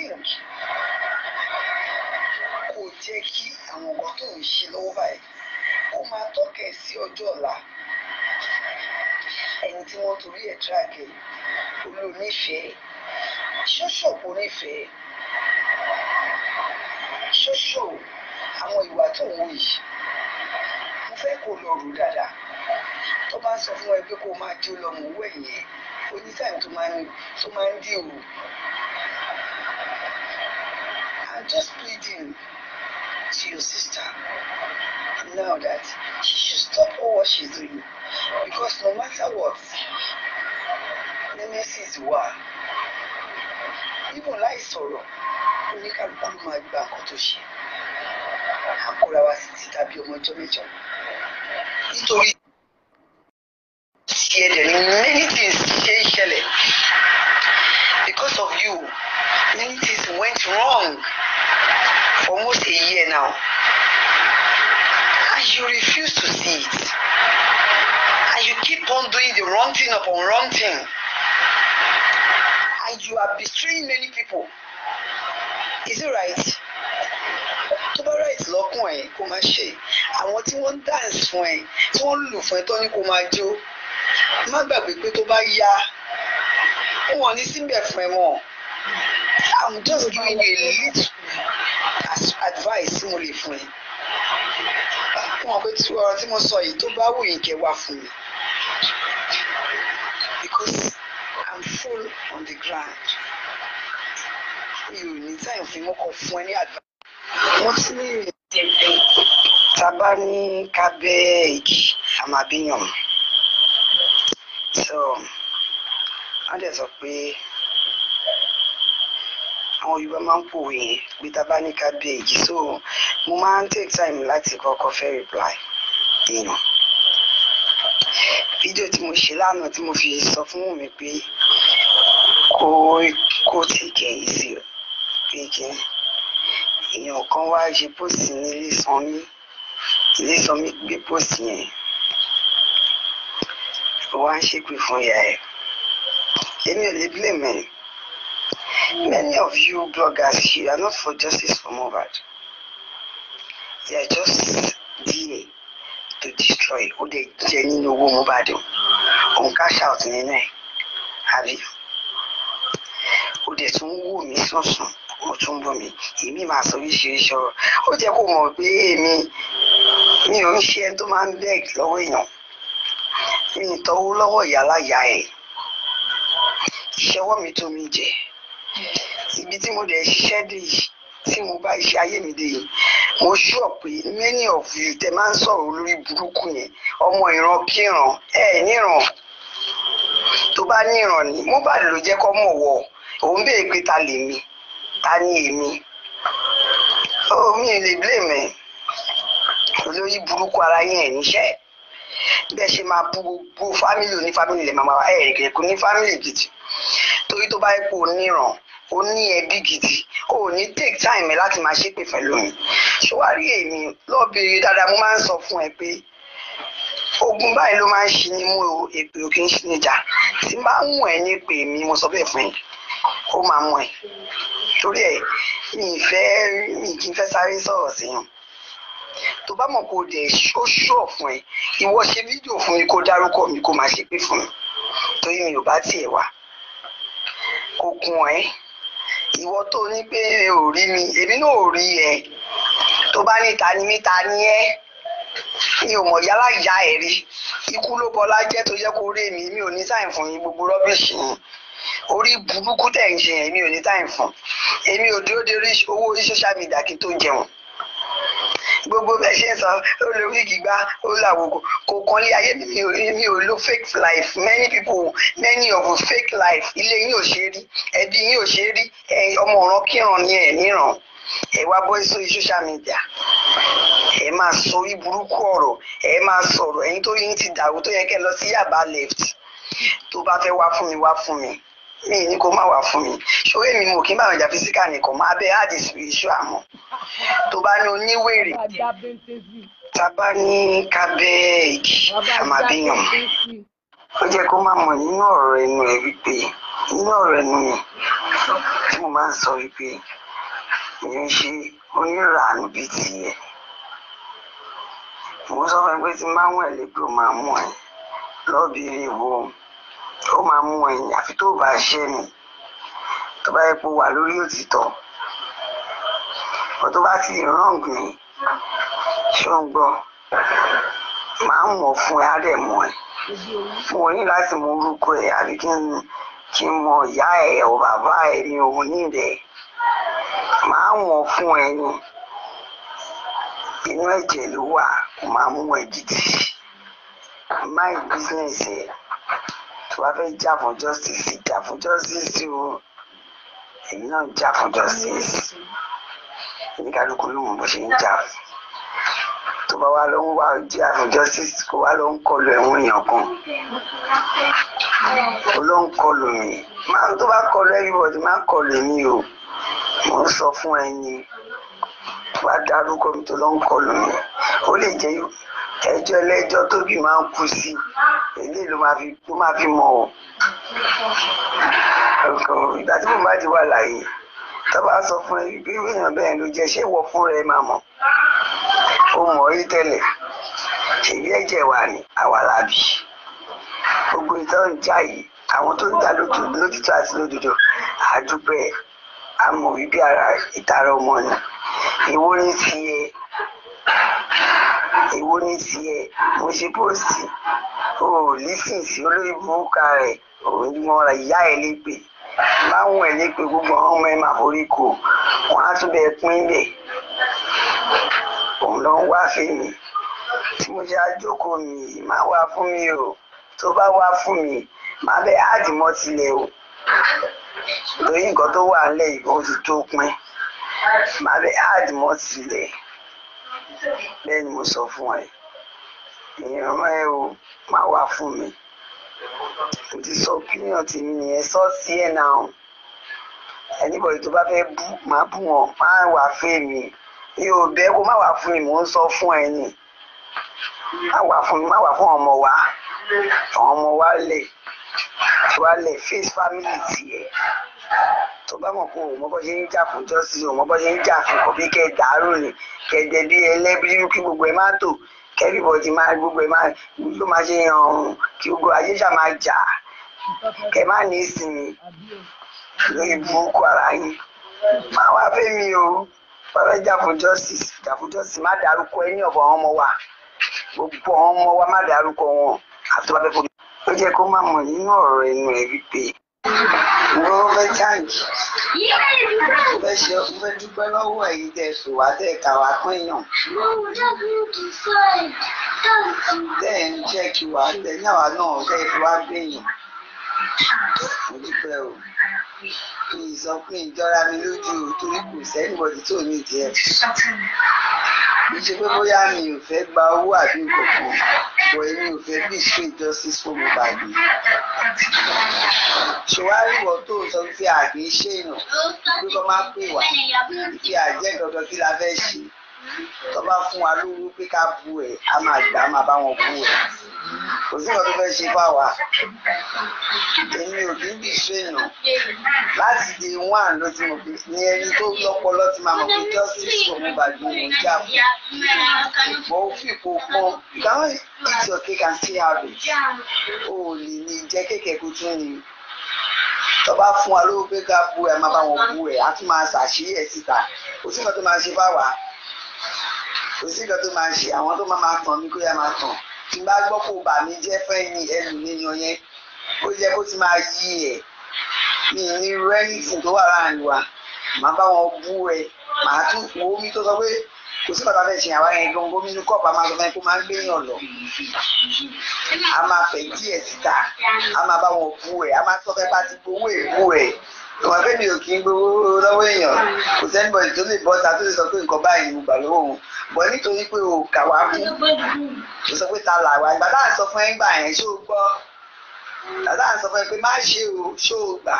síǹkì kó jẹ́ kí àwọn nǹkan tó ń ṣe lọ́wọ́ báyìí kó máa tọ́kẹ̀ sí ọjọ́ ọ̀la ẹni tí wọ́n torí ẹ̀ tíráàkì olónífẹ̀ẹ́ ṣọ́ṣọ̀pù onífẹ̀ẹ́ ṣọ́ṣọ̀ àwọn ìwà tó ń wò yìí mo fẹ́ kó lọ rò dáadáa tó bá sọ fún ẹ pé kó máa jó lọ mọ̀ owó ẹ̀yẹn oníṣàyìn máa ń dì òru I'm just pleading to your sister now that she should stop all what she's doing because no matter what, the message is wà even láì sọ̀rọ̀ oníkàlùkù máa gba nǹkan tó ṣe àkóra wa sì ti dàbí ọmọ ọjọ́ mẹ́jọ nítorí tiẹ̀ dẹ̀ ni many things now and you refuse to see it and you keep on doing the wrong thing upon wrong thing and you are betraying many people is it right tó bá right lọ́kùn ẹ̀ kó máa ṣe àwọn tí wọ́n ń dance fún ẹ tí wọ́n ń lù fún ẹ tó ní kó máa jó má gbàgbé pé tó bá yá wọn ní síbẹ̀ fún ẹ mọ́ i'm just giving you a little advice mo lè fún ẹ fún pé tí ọ̀rọ̀ tí mo sọ yìí tó bá wù yín kẹ wá fún mi because I'm full on the ground mi ò ní táyọ̀ fún mo kàn fún ẹ ní àgbà wọ́n ti ní ìrìn tá a bá ní kábẹ́ẹ̀jì àmàbíyàn so wọ́n dẹ̀ sọ pé àwọn Yorùbá máa ń pòwe yẹn pé tá a bá ní kábíyèjì so mo máa ń take time láti kọ́kọ́ fẹ́ reply you know fídíò tí mo ṣe lánàá tí mo fi sọ fún mi pé kó kó take it easy pé kí èèyàn kan wá ṣe pósì ní ilé sanmi ilé sanmi gbé pósì yẹn ó wá ń ṣépè fún ìyá ẹ èmi ò lè blame ẹ. Many of you bloggers here you are not for justice for Mohbad. You are just there to destroy ó dẹ̀ jẹ́ nínú owó Mohbad cash out nínú ẹ̀ àbí ó dẹ̀ tún wò mí sọ̀sùn ó tún bọ̀ mí èmi máa sọ oríṣiríṣi ọ̀rọ̀ ó jẹ́ kó mọ̀ pé èmi mi ò ń ṣe ẹni tó máa ń beg lọ́wọ́ èèyàn mi ì tọ́wọ́ lọ́wọ́ ìyá láyà ẹ̀ ìṣẹ́wọ́ mi tó mi jẹ́ ibi tí mo dẹ̀ ṣiṣẹ́ dé yìí tí mo bá iṣẹ́ ayé mi dé yìí mo ṣúọ̀ pé many of you tẹ máa ń sọ̀rọ̀ lórí burúkú yẹn ọmọ ìran kíran ẹ níran tó bá níran ni mo bá lò jẹ́ kọ́ mọ̀ wọ̀ òun bèè pé ta lèmi ta ni èmi oh mi lè blame ẹ olórí burúkú ara yẹn níṣẹ́ bẹ́ẹ̀ ṣe máa bú gbogbo fámìlì onífámìlì lè máa wá ní fámìlì gidi torí tó bá yẹ kó o níran o ní ẹbí gidi o ní take time láti máa ṣépè pẹ̀lú mi ṣùwárí èmi lọ́ọ̀bìnrin dáadáa mo máa ń sọ fún ẹ pé ogun báyìí ló máa ń ṣe ni mú èpè ò kì í ṣe níjà tí n bá ń mú ẹ ní èpè mi mo sọ bẹ́ẹ̀ fún ẹ ó máa mú ẹ torí ẹ mi ì fẹ́ mi kì í fẹ́ sáré sọ̀rọ̀ sí yàn tó bá mọ̀ kó o dẹ̀ ó ṣọ̀ fún ẹ ìwọ ṣe fídíò fún mi kó dárúkọ mi kó máa ṣépè fún mi torí mi ò bá tiẹ̀ wá kò kún ẹ́ ìwọ tó ní pé ò rí mi èmi náà ò rí ẹ tó bá ní ta ni mí ta ni ẹ́ mi ò mọ̀ yálà ìyá ẹ̀ rí ikú ló bọlá jẹ́ tó yẹ kó rí èmi mi ò ní sáìn fún yín gbogbo rọ́bìṣì yín orí burúkú tẹ̀ ń ṣe yẹn mi ò ní sáìn fún èmi ò dúró de owó orí social media kí tó jẹun gbogbo bẹ́ẹ̀ ṣe ń sọ olórí gbígbá olàwòkò kò kan lé ayé mi mi ò lo fake life many people many of fake life ilé yín ò ṣe rí ẹbí yín ò ṣe rí ọmọ ọ̀ràn kíran ni ẹ̀ níran ẹ wá bọ́ sórí social media ẹ máa sọ orí burúkú ọ̀rọ̀ ẹ máa sọ̀rọ̀ ẹ̀yin tó yín ti dàrú tó yẹ kẹ́ lọ sí yàbá left tó bá fẹ́ wá fún mi wá fún mi mi ní kó má wà fún mi ṣòwò èmi mo kí n bá àwọn ìjà fisika nìkan máa bẹ áàdì ìṣú àmọ́ tó bá ní oníwèrè tá a bá ní àmàbíyàn ó jẹ́ kó má mọ̀ nínú ọ̀rọ̀ ẹnu ẹ̀ wípé nínú ọ̀rọ̀ ẹnu mi tí mo máa ń sọ wípé mi ń ṣe onírànú bíi tiẹ̀ mo sọ fún ẹ pé tí máa ń wẹ̀ lẹ́gbẹ̀ẹ́ máa mú ẹ lọ́ọ́ bí ilé wo ó máa mú ẹ̀yìn àfi tó bá ṣe ni tó bá yẹ kó wà lórí òtítọ́ ọ̀tọ́ bá ti rọ́ǹg ni ṣó ń gbọ́ máa ń mọ̀ fún ẹ á dẹ̀ mọ̀ ẹ mo ní láti mọ orúkọ ẹ àbí kí n kí n mọ ìyá ẹ ọ bàbá ẹ ní òun ní rẹ máa ń mọ̀ fún ẹ ni inú ẹ̀jẹ̀ ló wà kó máa mú ẹ dìde mind business ẹ wá fẹ́ jà fún justice jà fún justice o èyí náà jà fún justice èyí kálukú ló mọ bó ṣe ń jà tó bá wá ló ń wá jà fún justice kó wá ló ń kọlu ẹ̀wọ̀n èèyàn kan ó ló ń kọlu mi máa tó bá kọlu everybody máa kọlu mi o mo ń sọ fún ẹni wá dárúkọ mi tó ló ń kọlu mi ó lè jẹ́ ẹjọ́ lẹ́jọ́ tóbi máa ń kú sí èyí ló máa fi ló máa fi mọ̀ ọ́ ìgbà tí Mohbad ti wà láàyè tó bá sọ fún ẹ bí èèyàn bẹ́ẹ̀ ló jẹ́ ṣé ìwọ fúnra ẹ máa mọ̀ ó mọ̀ ọ́ yí tẹ́lẹ̀ ṣèbí ẹ̀jẹ̀ wà ní àwàlábì gbogbo ìtọ́ ń já yìí àwọn tó ń dá lótìtọ́ àti lódodo àdúpẹ́ àmọ̀ wípé ara ìtara ọmọ ni ìwúrí ti yẹ èwo ní tiẹ̀ mo ṣe póòsì o ò lísìn sí olórí burúkú rẹ̀ òun ni mo ra ìyá ẹ̀ lépè báwọn ẹ̀ lépè gbogbo àwọn ọmọ ẹ̀ máa forí kò wọ́n á tún bẹ̀ pín bẹ̀ òun ló ń wá fèmí tí mo ṣe àjókòó mi máa wá fún mi o tó bá wá fún mi máa bẹ àdìmọ́ tilẹ̀ o lórí nǹkan tó wà nílẹ̀ ìbọn ti tó pin máa bẹ àdìmọ́ tilẹ̀ bẹ́ẹ̀ ni mo sọ fún ẹ èèyàn ọmọ ẹ o má wá fún mi mo ti sọ opinion ti mi nìyẹn sọ sí ẹ náà ẹnibọ̀dì tó bá fẹ́ bú máa bú wọn máa wà fún mi mi ò bẹ́ kó má wà fún mi mò ń sọ fún ẹ ni má wà fún mi má wà fún ọmọ wa ọmọ wa lẹ̀ wa lẹ̀ face family tiẹ̀ tó bá mọ̀ pé òun mọ bó ṣe ń jà fún justice òun mọ bó ṣe ń jà fún kò bí kẹ dàárò ni kẹ jẹ bí ẹlẹ́bírí kí gbogbo ẹ máa tò kẹ́rìbọ̀dì máa gbogbo ẹ máa yóò máa ṣe hàn ọ̀hún kí gbogbo ayé ṣà máa jà kẹ má ní ìsinmi lórí burúkú ara yín máa wá fẹ́ mi o bàbá jà fún justice jà fún justice má dárúkọ ẹ ní ọ̀bọ̀ àwọn ọmọ wa gbogbo àwọn ọmọ wa má dárúkọ wọn àti wọn fẹ́ ó jẹ́ kó má mọ̀ nínú ọ̀rọ̀ ẹnu ẹ̀ wípé wọ́n fẹ́ jáàjì fẹ́ ṣe fẹ́ dúpẹ́ lọ́wọ́ ẹ̀yin tẹ́ wá tẹ́ kà wá pín yàn. tẹ́ ń jẹ́ kí wá tẹ́ ní àwa náà tẹ́ fi wá gbé yàn. mo dúpẹ́ o mi sọ pé ìjọra mi lójú o torí kò sẹ́nìbọ̀dì tó ní ìdí ẹ̀. ìṣe pé bóyá mi ò fẹ́ gba owó àbí kòkó wọ èmi ò fẹ́ bí ìṣe justice fún mi bàbí. ṣòwárí wọ tó sọ pé àgbẹ̀ ṣe ìnà pé kọ́ máa pè wá pé àjẹ́ dandan kí la fẹ́ ṣe tó bá fún wa lówó pé ká bu ẹ̀ a máa gbà á máa bá wọn bu ẹ̀ kò sí nǹkan tó ṣe bá wa èmi ò kí n bì ṣèyàn láti di one ló ti mọ̀ pé ní ẹni tó lọ́pọlọ ti máa mọ̀ pé justice for Mohbad ló ń jà fún mo fi kó pọn ìdáhùn eat your cake and still ò lè ní jẹ kéèké kó tún ni tó bá fún wa lówó pé ká bu ẹ máa bá wọn bu ẹ á tún máa ṣàṣeyẹ síta kò sí nǹkan tó ṣe bá wa kò sí nǹkan tó máa ń ṣe àwọn tó máa máa tàn mí kó yá máa tàn tí n bá gbọ́ kó bà mí jẹ́ fẹ́yìn ẹlòmíyàn yẹn ó yẹ kó ti máa yí ẹ̀ mi ní rẹ́ǹtì tó wà láàrin wa màá bá wọn bú ẹ màá tún wo omi tó sọ pé kò sí bàbá fẹ̀sìn àwa yẹn gan gómìnà kọ́ọ̀bù a máa sọ fún kó máa ń gbéyàn lọ a máa fẹ̀ díẹ̀ síta a máa bá wọn bú ẹ a máa sọ fẹ́ bá ti gbowó èbú ẹ ìwà fẹ́mi ò kí ń gbowó lọ́wọ́ èèyàn kò sẹ́nibọ̀dì tó lè bọ́ta tó lè sọ pé nǹkan báyìí mo gbà lọ́wọ́ òun bọ̀ nítorí pé o kà wá fún o sọ pé ta là wá ìgbà táà sọ fún ẹ gbà yẹn ṣó o gbọ́ tàtà sọ fún ẹ pé má ṣe o ṣó o gbà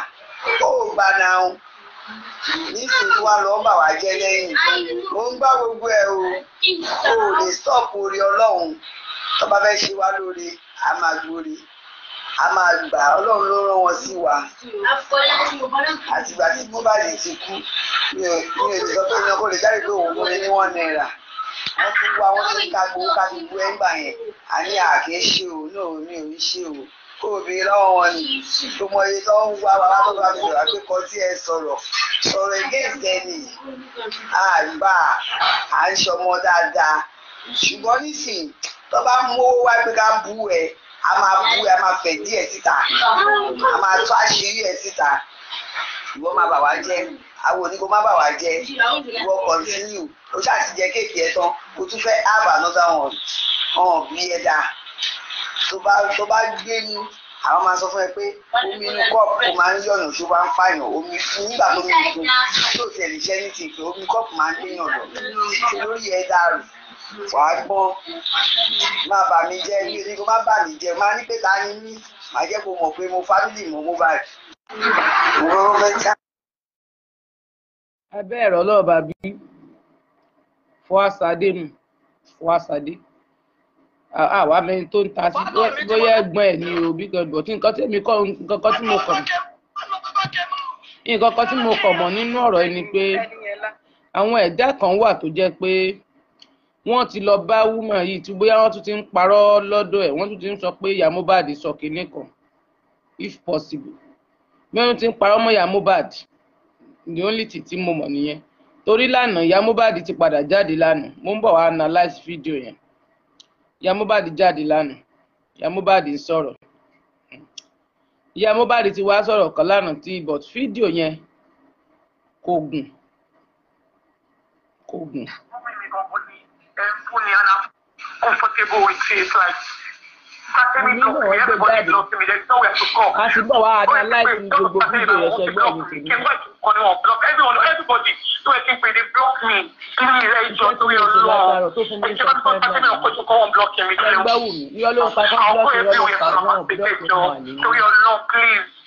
ó o gbà náà nísìnyí wà lọ́ bà wá jẹ́ lẹ́yìn mo ń gbá gbogbo ẹ o o lè stop orí ọlọ́run tó bá fẹ́ ṣe wá lóore àmàgbóore a máa gbà ọlọ́run ló rán wọn sí wa. àtìgbà tí Mohbad ti kú mi ò mi ò sọ pé iná kò lè jáde pé òun lórí ní wọ́n náírà wọ́n ti wá wọ́n ti ka gbowó ká fi bu ẹ́ńgbà yẹn àní àké ṣe o náà mi ò ní ṣe o kó o bèèrè lọ́wọ́ wọn ni tó mọ iye tó ń wá bàbá tó bá fi rà pé kọ tí ẹ sọ̀rọ̀ sọ̀rọ̀ against ẹni àgbà à ń ṣọmọ dáadáa ṣùgbọ́n nísìnyí tó bá mú owó wá pé ká bú ẹ a máa bú ẹ a máa fẹ̀ díẹ̀ síta a máa tú àṣírí ẹ síta ìwọ má bà wá jẹ́ àwọn onígbò má bà wá jẹ́ ìwọ kọ̀ntínú o ṣáà ti jẹ kéèkì ẹ tán o tún fẹ́ ààbà another one ọ̀hún bí ẹ dáa tó bá tó bá gbé ní àwọn máa sọ fún ẹ pé omi inú kọ́ọ̀pù kò máa ń yọ̀nà tó bá ń fàyàn omi fún nígbà tó mi fún tó tẹ̀lé jẹ́ ní ti pé omi kọ́ọ̀pù máa ń gbé yàn lọ lórí ẹ dáa rè wà á gbọ́ má bà mí jẹ́ nítorí kó má bà mí jẹ́ má ní pé ta ni mí má jẹ́ kó mọ̀ pé mo fámìlì mo mú báyìí. abẹ́ ẹ̀rọ lọ́ọ̀ bàbí fọ́àṣàdé nù fọ́àṣàdé àwa mẹ́rin tó ń ta sí bóyá ẹ̀gbọ́n ẹ̀ ní òbí kan bọ̀ tí nǹkan tẹ̀mí kọ́ nǹkan kan tí mo kọ̀ nǹkan kan tí mo kọ̀ mọ̀ nínú ọ̀rọ̀ yìí pé àwọn ẹ̀dá kan wà tó jẹ́ pé wọ́n ti lọ bá wúmọ yìí tí bóyá wọ́n tún ti ń parọ́ lọ́dọ̀ ẹ̀ wọ́n tún ti ń sọ pé ìyá Mohbad sọ kinní kan if possible bí wọ́n ti ń parọ́ mọ́ ìyá Mohbad the only thing tí mo mọ̀ nìyẹn torí lánàá ìyá Mohbad ti padà jáde lánàá mo ń bọ̀ wá analyse fídíò yẹn ìyá Mohbad jáde lánàá ìyá Mohbad ń sọ̀rọ̀ ìyá Mohbad ti wá sọ̀rọ̀ kan lánàá tí but fídíò yẹn kò gùn kò gùn comfortable with it like a ti bọ̀ wá ata láìsí ní gbogbo fídíò rẹ̀ ṣe gbọ́ mi tèmi. ẹgbẹ́ wù mí irọ́ ló ń pa fún búlọ́ọ̀kì irọ́ ló ń pa fún wọn búlọ́ọ̀kì náà wà nínú.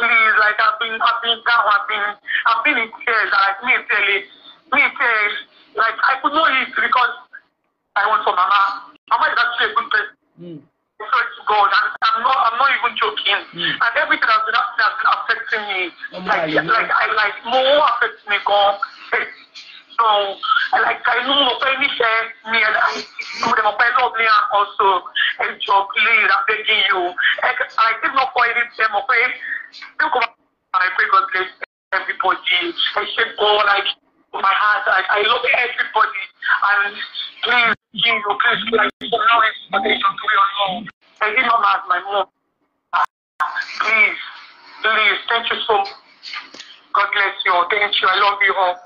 Please, like I've been, I've been I've been, I've been in tears. Like me, tell me, tell like I could not eat because I want for Mama. Mama is actually a good person. Mm. Sorry to God, and I'm not, I'm not even joking. Mm. And everything has been, has been affecting me. Oh like, God. like, I like more affects me, God. So, like, I know my family shares me, and I know that my family love me, and also, and so please, I'm begging you. And I did not quite it, my family. Look, I pray God bless everybody. I say, God, like, my heart, I, I love everybody, and please. you please, like, you know expectation to your Lord. Thank you, as my mom. Please, please, thank you so much. God bless you. Thank you. I love you all.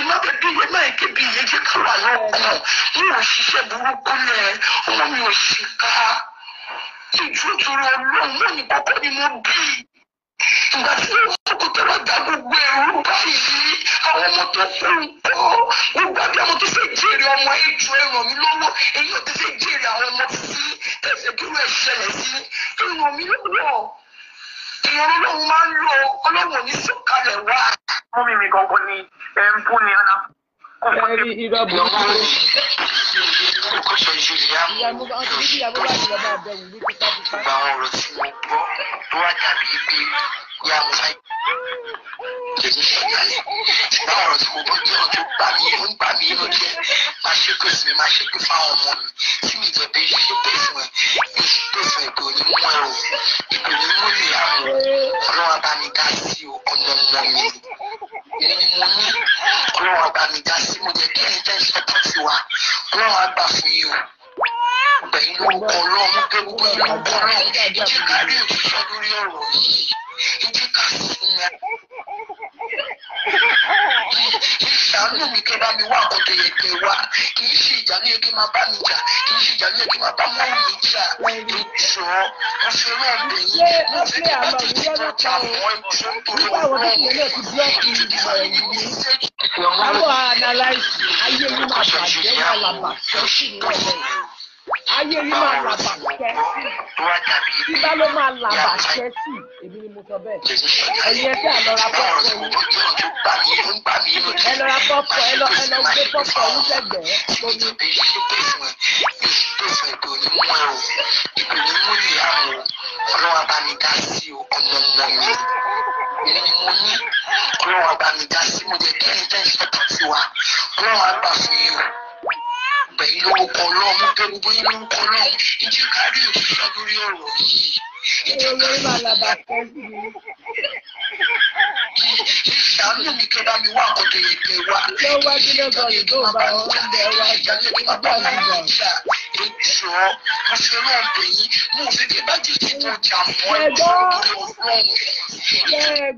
Ìmọ̀ bẹ̀bí ìwé náà kébi yẹn jẹ́ ká wà lọ́kàn. Mi ò ṣiṣẹ́ burúkú lẹ̀, ọmọ mi ò ṣe ká. Ìjú ìtura ọlọ́run náà ní kókó ni mo bí. Ìgbà tí mo tó lọ da gbogbo ẹrú báyìí àwọn ọmọ tó fún un gbogbo àbí àwọn tó fẹ́ jèrè ọmọ ẹjọ́ ẹ ràn mí lọ́wọ́ èyí ò ti fẹ́ jèrè àwọn ọmọ sí tẹ̀sẹ̀ kí wọ́n ṣẹlẹ̀ sí ẹ ràn mí ìyẹn ọlọ́run máa ń lo ọlọ́run ní sọ̀kalẹ̀ wá. mú mi mi gangan ni ẹ̀ ń bú ni alábọ̀ ẹ̀rí irọ́ bò ó. ìyàwó bá ti bí ìyàwó bá ti lọ bá bẹ̀rù ní tipátipá. gba àwọn ọ̀rọ̀ tí mo gbọ́ tó wá dàbí pé yá mo fẹ́ èmi ṣẹ̀dá ni ṣùgbọ́n ọ̀rọ̀ tí mo gbọ́ jẹ́ ọjọ́ gbà mí ó ń gbà mí ó jẹ́ máa ṣe pé sí mi máa ṣe pé fáwọn ọmọ mi tí mi jẹ pé ṣe pé sí mi ní ṣe pé sí mi pé òní mú ẹ o ìpè ní mú ìyá mi ọlọ́wọ́ bá mi dá sí ọmọ ọmọ mi ìyìn yín ọlọ́run àgbà mi dá sí mo jẹ́ kí ẹ̀yin tẹ́ sọ́pọ̀tì wa ọlọ́run àgbà fún yín o gbẹ̀yìn lórúkọ ọlọ́run pé gbogbo ìlú ọlọ́run ìjẹ́ ká rí òṣìṣẹ́ lórí ọ̀rọ̀ yìí ìjẹ́ sí ní ìṣàánú mi kẹ́ bá mi wá nǹkan tó yẹ kẹ́ wá kì í ṣe ìjà ní èké máa bá mi jà kì í ṣe ìjà ní èké máa bá mọ́ mi jà ìjọ mo fi mo fi kẹ́ bá ti ti tó jà mọ́ ìjọ torí ọlọ́run ìjọ ti fà yìí ní sẹ́jì. àwọn analyse ayé mi máa bàjẹ́ wà lábà tó sì ń wọlé ayé yìí máa là bàṣẹ sí bíbá ló máa là bàṣẹ sí èmi ni mo sọ bẹ́ẹ̀ ẹ̀yin ẹsẹ àlọra pọpọ yìí ẹlọra pọpọ ẹlọ ẹlọ gbé pọpọ yìí sẹgbẹẹ lómi. Ọlọ́wà bá mi dá sí o, ọmọ ọmọ mi. Èmi ni mo ní. Ọlọ́wà bá mi dá sí mo jẹ́ kí ẹni tẹ́ ń ṣe tó ti wá. Ọlọ́wà gbà fún yín o gbẹ̀yìn lórúkọ ọlọ́run mo bẹ̀rù bóyá lórúkọ ọlọ́run ìjẹ́ ká òṣìṣẹ́ lórí ọ̀rọ̀ yìí ìjẹ́ ká ìṣàánú mi kẹ́lá mi wá àkọ́tò yẹn tẹ̀ wá lọ́wọ́ adúlọ́gbọ̀n yìí tó bá wọn lẹ̀ wá ìjàlẹ̀ tó bá wọn lẹ̀ ìjọ mo fi ọlọ́run bẹ̀ yín mo fi bí bá ti ti tó mọ́ ẹ̀jọ̀ ọlọ́run.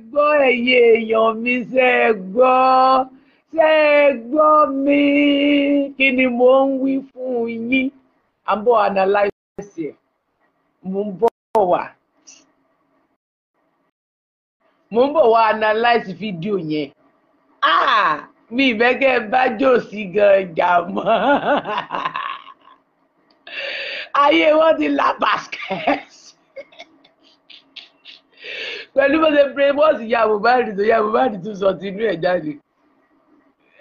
gbọ́ ẹ̀yẹ èèyàn mi ṣe gbọ́ ṣé ẹ gbọ́ mi kí ni mò ń wí fún yín à ń bọ̀ analyze ẹ̀ ń bọ̀ wá mò ń bọ̀ wá analyze fídíò yẹn ah mi ìbẹ́gẹ́ bá jò sí gan jàmọ́ ayé wọn ti la basket pẹ̀lú bó ṣe brainwash ìyá Mohbad tó yá Mohbad tó sọ tinú ẹ̀ jáde.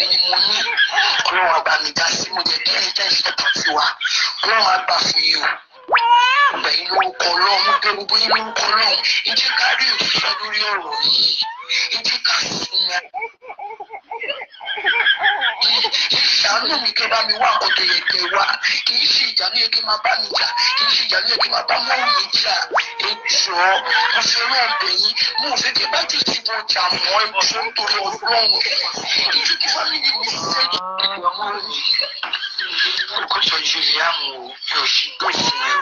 èyí mo ní ọlọ́run àgbà mi dá sí mo jẹ́ kí ẹ̀yin tẹ́ ìṣẹ́ tó ti wá ọlọ́run àgbà fún yìí o gbẹ̀yìn lórúkọ ọlọ́run mo bẹ̀rù bóyá lórúkọ ọlọ́run ìjẹ́ ká rí òṣìṣẹ́ lórí ọ̀rọ̀ yìí ìjẹ́ ká sinmi ìṣàánú mi kẹ́ bá mi wá nǹkan tó yẹ kẹ́ wá kì í ṣe ìjà ló yẹ kẹ́ máa bá mi jà kì í ṣe ìjà ló yẹ kẹ́ máa bá mọ́ mi jà ẹjọ́ mo fẹ́ mo ò fẹ́ kẹ́ bá ti ti bọ̀ jà mọ́ ẹjọ́ nítorí ọlọ́run ìjọ kí fámìlì mi ṣiṣẹ́ jù lọ mọ́ mi. kókó sọ ju ìyá mu o mi ò ṣe gbèsè o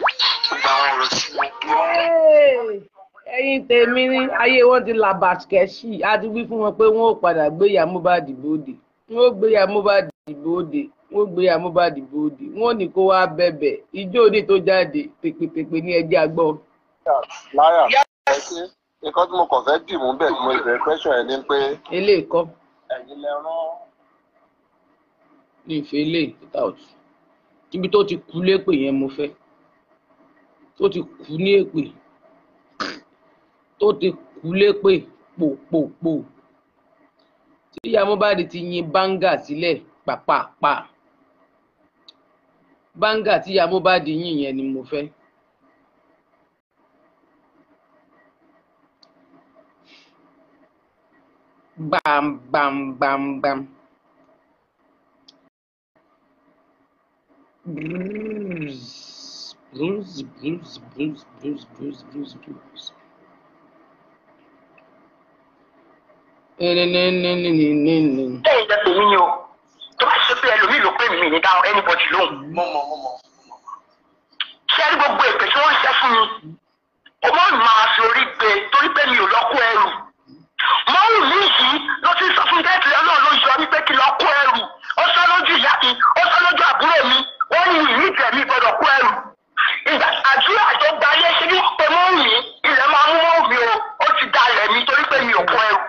gbogbo àwọn ọ̀rọ̀ tí mo lẹ́yìn tèmi ní ayé wọn ti la bàṣkẹ́ṣì á ti wí fún wọn pé wọn ò padà gbéyà Mohbad bóde wọn ò gbéyà Mohbad bóde wọn ò gbéyà Mohbad bóde wọn ò ní kó wá bẹ̀bẹ̀ ìjọ òde tó jáde pèpèpèpè ní ẹjẹ́ àgbọ̀. láyà ẹ̀kọ́ tí mo kàn fẹ́ dì mú bẹ́ẹ̀ mo ìbẹ̀rẹ̀ pẹ́ṣọ̀ ẹ̀ ní pé. ilé ìkọ́. ẹ̀yin lẹ rán. ní ìfẹ́ ilé ìtúta ibi tó ti kú lépè yẹn mo fẹ́ tó ti kú ní èpè tó ti kú lépè pòpòpò tíyá Mohbad ti yin báńgà sílẹ̀ pàpàpà báńgà tíyá Mohbad yìn yẹn ni mo bam, bam, bam. Bruce, Bruce, Bruce, Bruce, Bruce, Bruce, Bruce. lẹ́yìn jẹ́ pé mí ni o tó bá ṣe pé ẹlòmíì ló pè mí ní dáhùn anybody lóhùn. ṣé ẹni gbogbo èpè tí wọ́n ń ṣe fún mi ó máa ń máa fi orí gbé torí pé mi ò lọ kó ẹrù mọ́rùn mi yìí ló ti sọ fún bẹ́ẹ̀tì lọ́nà ló yọ wípé kí lọ kó ẹrù ó sọ lójú ìyá mi ó sọ lójú àbúrò mi ó ní ìní tẹ̀mí gbọ́dọ̀ kó ẹrù ìgbà àdúrà tó gba ayé ṣe ní pé mọ́rùn mi ilẹ̀ máa mú mọ́rùn mi o ó ti dalẹ̀ mi torí pé mi ò kó ẹrù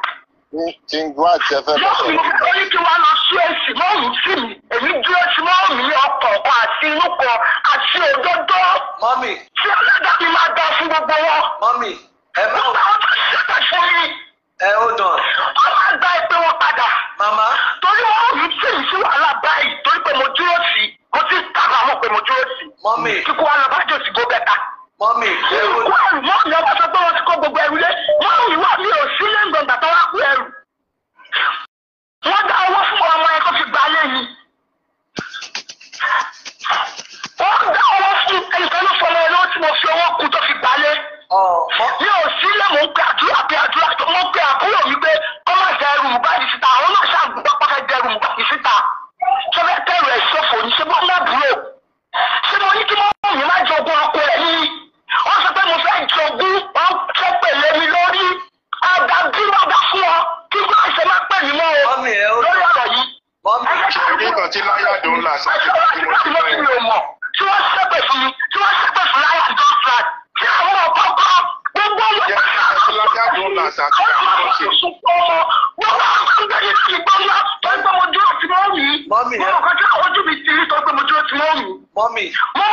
kí n gbọ́ àti ẹfẹ́ bá sọ̀rọ̀. mo fi ní kí wàá lọ sí èsì mọ́ọ̀lù sí mi èmi dúró sí mọ́ọ̀lù ní ọkọ̀ ọ̀kọ̀ àti inú kan àti òdodo. mọ́mì. tí ọlọ́dà mi máa dá fún gbogbo wọn. mọ́mì. ẹ má wọ. àwọn tó ṣẹ̀ṣẹ̀ fún mi. ẹ ó dàn. wọ́n máa gba ẹgbẹ́ wọn padà. màmá. torí wọn ò ní tí ì wàhálà báyìí torí pé mo dúró sí mo ti tàbá mọ̀ pé mo dúró sí. mọ́mì. kíkú wa lọ bá jòsì gó bẹ́ta mọ́mì ẹrù. mọ́mì yẹn wọ́n sọ pé wọ́n ti kó gbogbo ẹrù lé mọ́mì wà mí ò sí lẹ́ǹgbọ̀n bàtà wá kú ẹrù. wọ́n dá owó fún ọmọ ẹ kó fi gbà lé yìí. wọ́n dá owó fún ẹnìkan ló fọmọ ẹ lọ́wọ́ tí mo fi owó kú tó fi gbà lé. mi ò sí lẹ́mọ̀ ń pè àdúrà pé àdúrà tó mọ̀ pé àbúrò mi pé kọ́ máa jẹ ẹrù Mohbad síta àwọn náà ṣàgbọ́n pàkẹ́ jẹ ẹrù Mohbad síta. sọ ìjogún wọ́n fẹ́ pèlè mi lórí ọ̀dà bí bá fún ọ kí wọ́n ṣe máa pè mí mọ́ o lórí ọ̀rọ̀ yìí. nígbà tí láyàdó ńlá ṣe é kí wọ́n ti lórí mi ò mọ̀ tí wọ́n ṣẹ́pẹ̀ fún mi tí wọ́n ṣẹ́pẹ̀ fún láyàdó ńlá tí àwọn ọ̀pọ̀ kọ́ gbogbo ọmọ pàṣẹ ṣe àti àwọn ọmọ ṣe. gbogbo àwọn ọmọ gbẹ̀yìn ti gbọ́n lọ tó ń gbọ́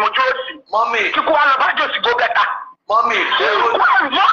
mojú òsì. mọ́mì. kíkú wa lọ bá jòsì go bẹ́ta. mọ́mì. wọ́n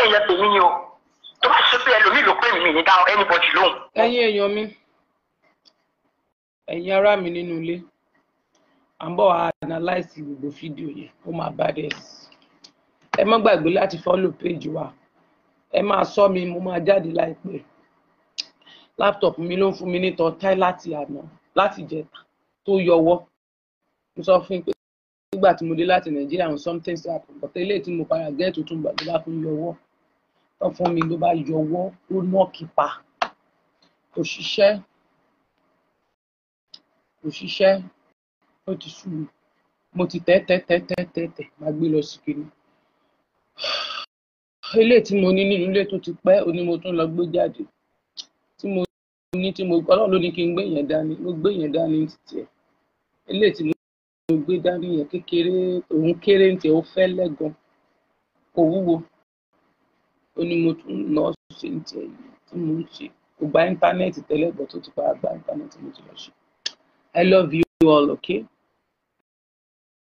ẹ̀yin lẹ pè mí ni o tó bá ṣe pé ẹlòmíì ló pè mí ní dáhùn anybody lóhùn. ẹ̀yin èèyàn mi ẹ̀yin ará mi nínú ilé à ń bọ̀ wá analyse gbogbo fídíò yẹn ó máa bá dẹ̀ sí ẹ má gbàgbé láti follow page wa ẹ máa sọ mi mo máa jáde láìpẹ́ laptop mi ló ń fún mi nítọ́ táì láti àná láti jẹta tó yọwọ́ mo sọ fún pé nígbà tí mo dé láti nàìjíríà on something happen but eléyìí tí mo para gẹ́ẹ̀ tó tún gbàgbé bá fún yọwọ́ tán fún mi ló bá yọwọ́ ló ná kípa kò ṣiṣẹ́ kò ṣiṣẹ́ ó ti sú mi mo ti tẹ́ máa gbé lọ sí kiri ilé tí mo ní nínú ilé tó ti pẹ́ òní mo tún lọ gbé jáde tí mo ní tí mo ọlọ́run ló ní kí n gbé yẹn dání mo gbé yẹn dání títí ẹ̀ ilé tí mo gbé dání yẹn kékeré òun kéré ní tiẹ̀ ó fẹ́ lẹ́gan kò wúwo ó ní mo tún lọ ṣe ní tiẹ̀ yìí tí mo ń ṣe kò gba íńtánẹ́ẹ̀tì tẹ́lẹ̀ bọ̀ tó ti padà gba íńtánẹ́ẹ̀tì mo ti lọ ṣe. I love you all okay?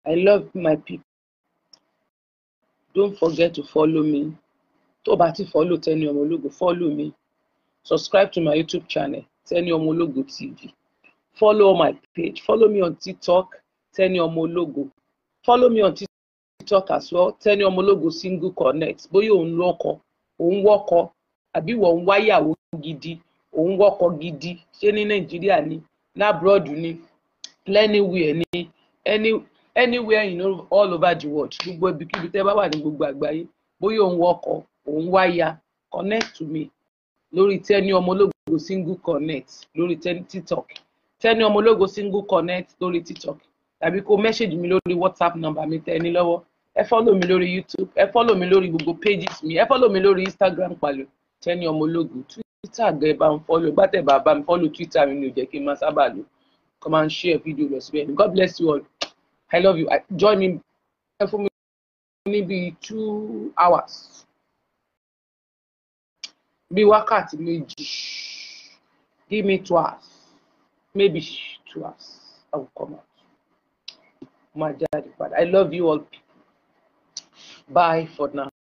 I love my people. Don't forget to follow me. Tó o bá ti follow Tẹ́ni Ọmọ Ológo follow me. Subscribe to my YouTube channel Tẹ́ni Ọmọ Ológo TV. Follow my page. Follow me on TikTok Tẹ́ni Ọmọ Ológo. Follow me on TikTok as well Tẹ́ni Ọmọ Ológo Single Connect. Bóyá òun ló òun wọ́kọ àbí wọ́n ń wáyàwó gidi òun wọ́kọ gidi ṣé ní nàìjíríà ni labroad ni anywhere ni any anywhere in all over the world gbogbo ibikíbi tẹ́ bá wà ní gbogbo àgbáyé bóyá òun wọ́kọ òun wáyà connect to me lórí tẹ́ni ọmọlógo single connect lórí tẹ́ni tiktok tẹ́ni ọmọlógo single connect lórí tiktok tàbí kó message mi lórí whatsapp number mi tẹ́ni lọ́wọ́ 0244 ẹ follow mi lórí youtube ẹ follow mi lórí gbogbo pages mi ẹ follow mi lórí instagram pàlò tẹni ọmọ ológun twitter gẹ bá ń follow gbàtẹ bá bá mi follow twitter mi ni ò jẹ́ kí n máa sábà lò kọ máa ń share fídíò lọ síbẹ̀ god bless you all i love you I, join me ẹ fún mi níbi two hours bí wákàtí méjì give me two hours maybe two hours i will come out. My dad, but I love you all people. Bye for now.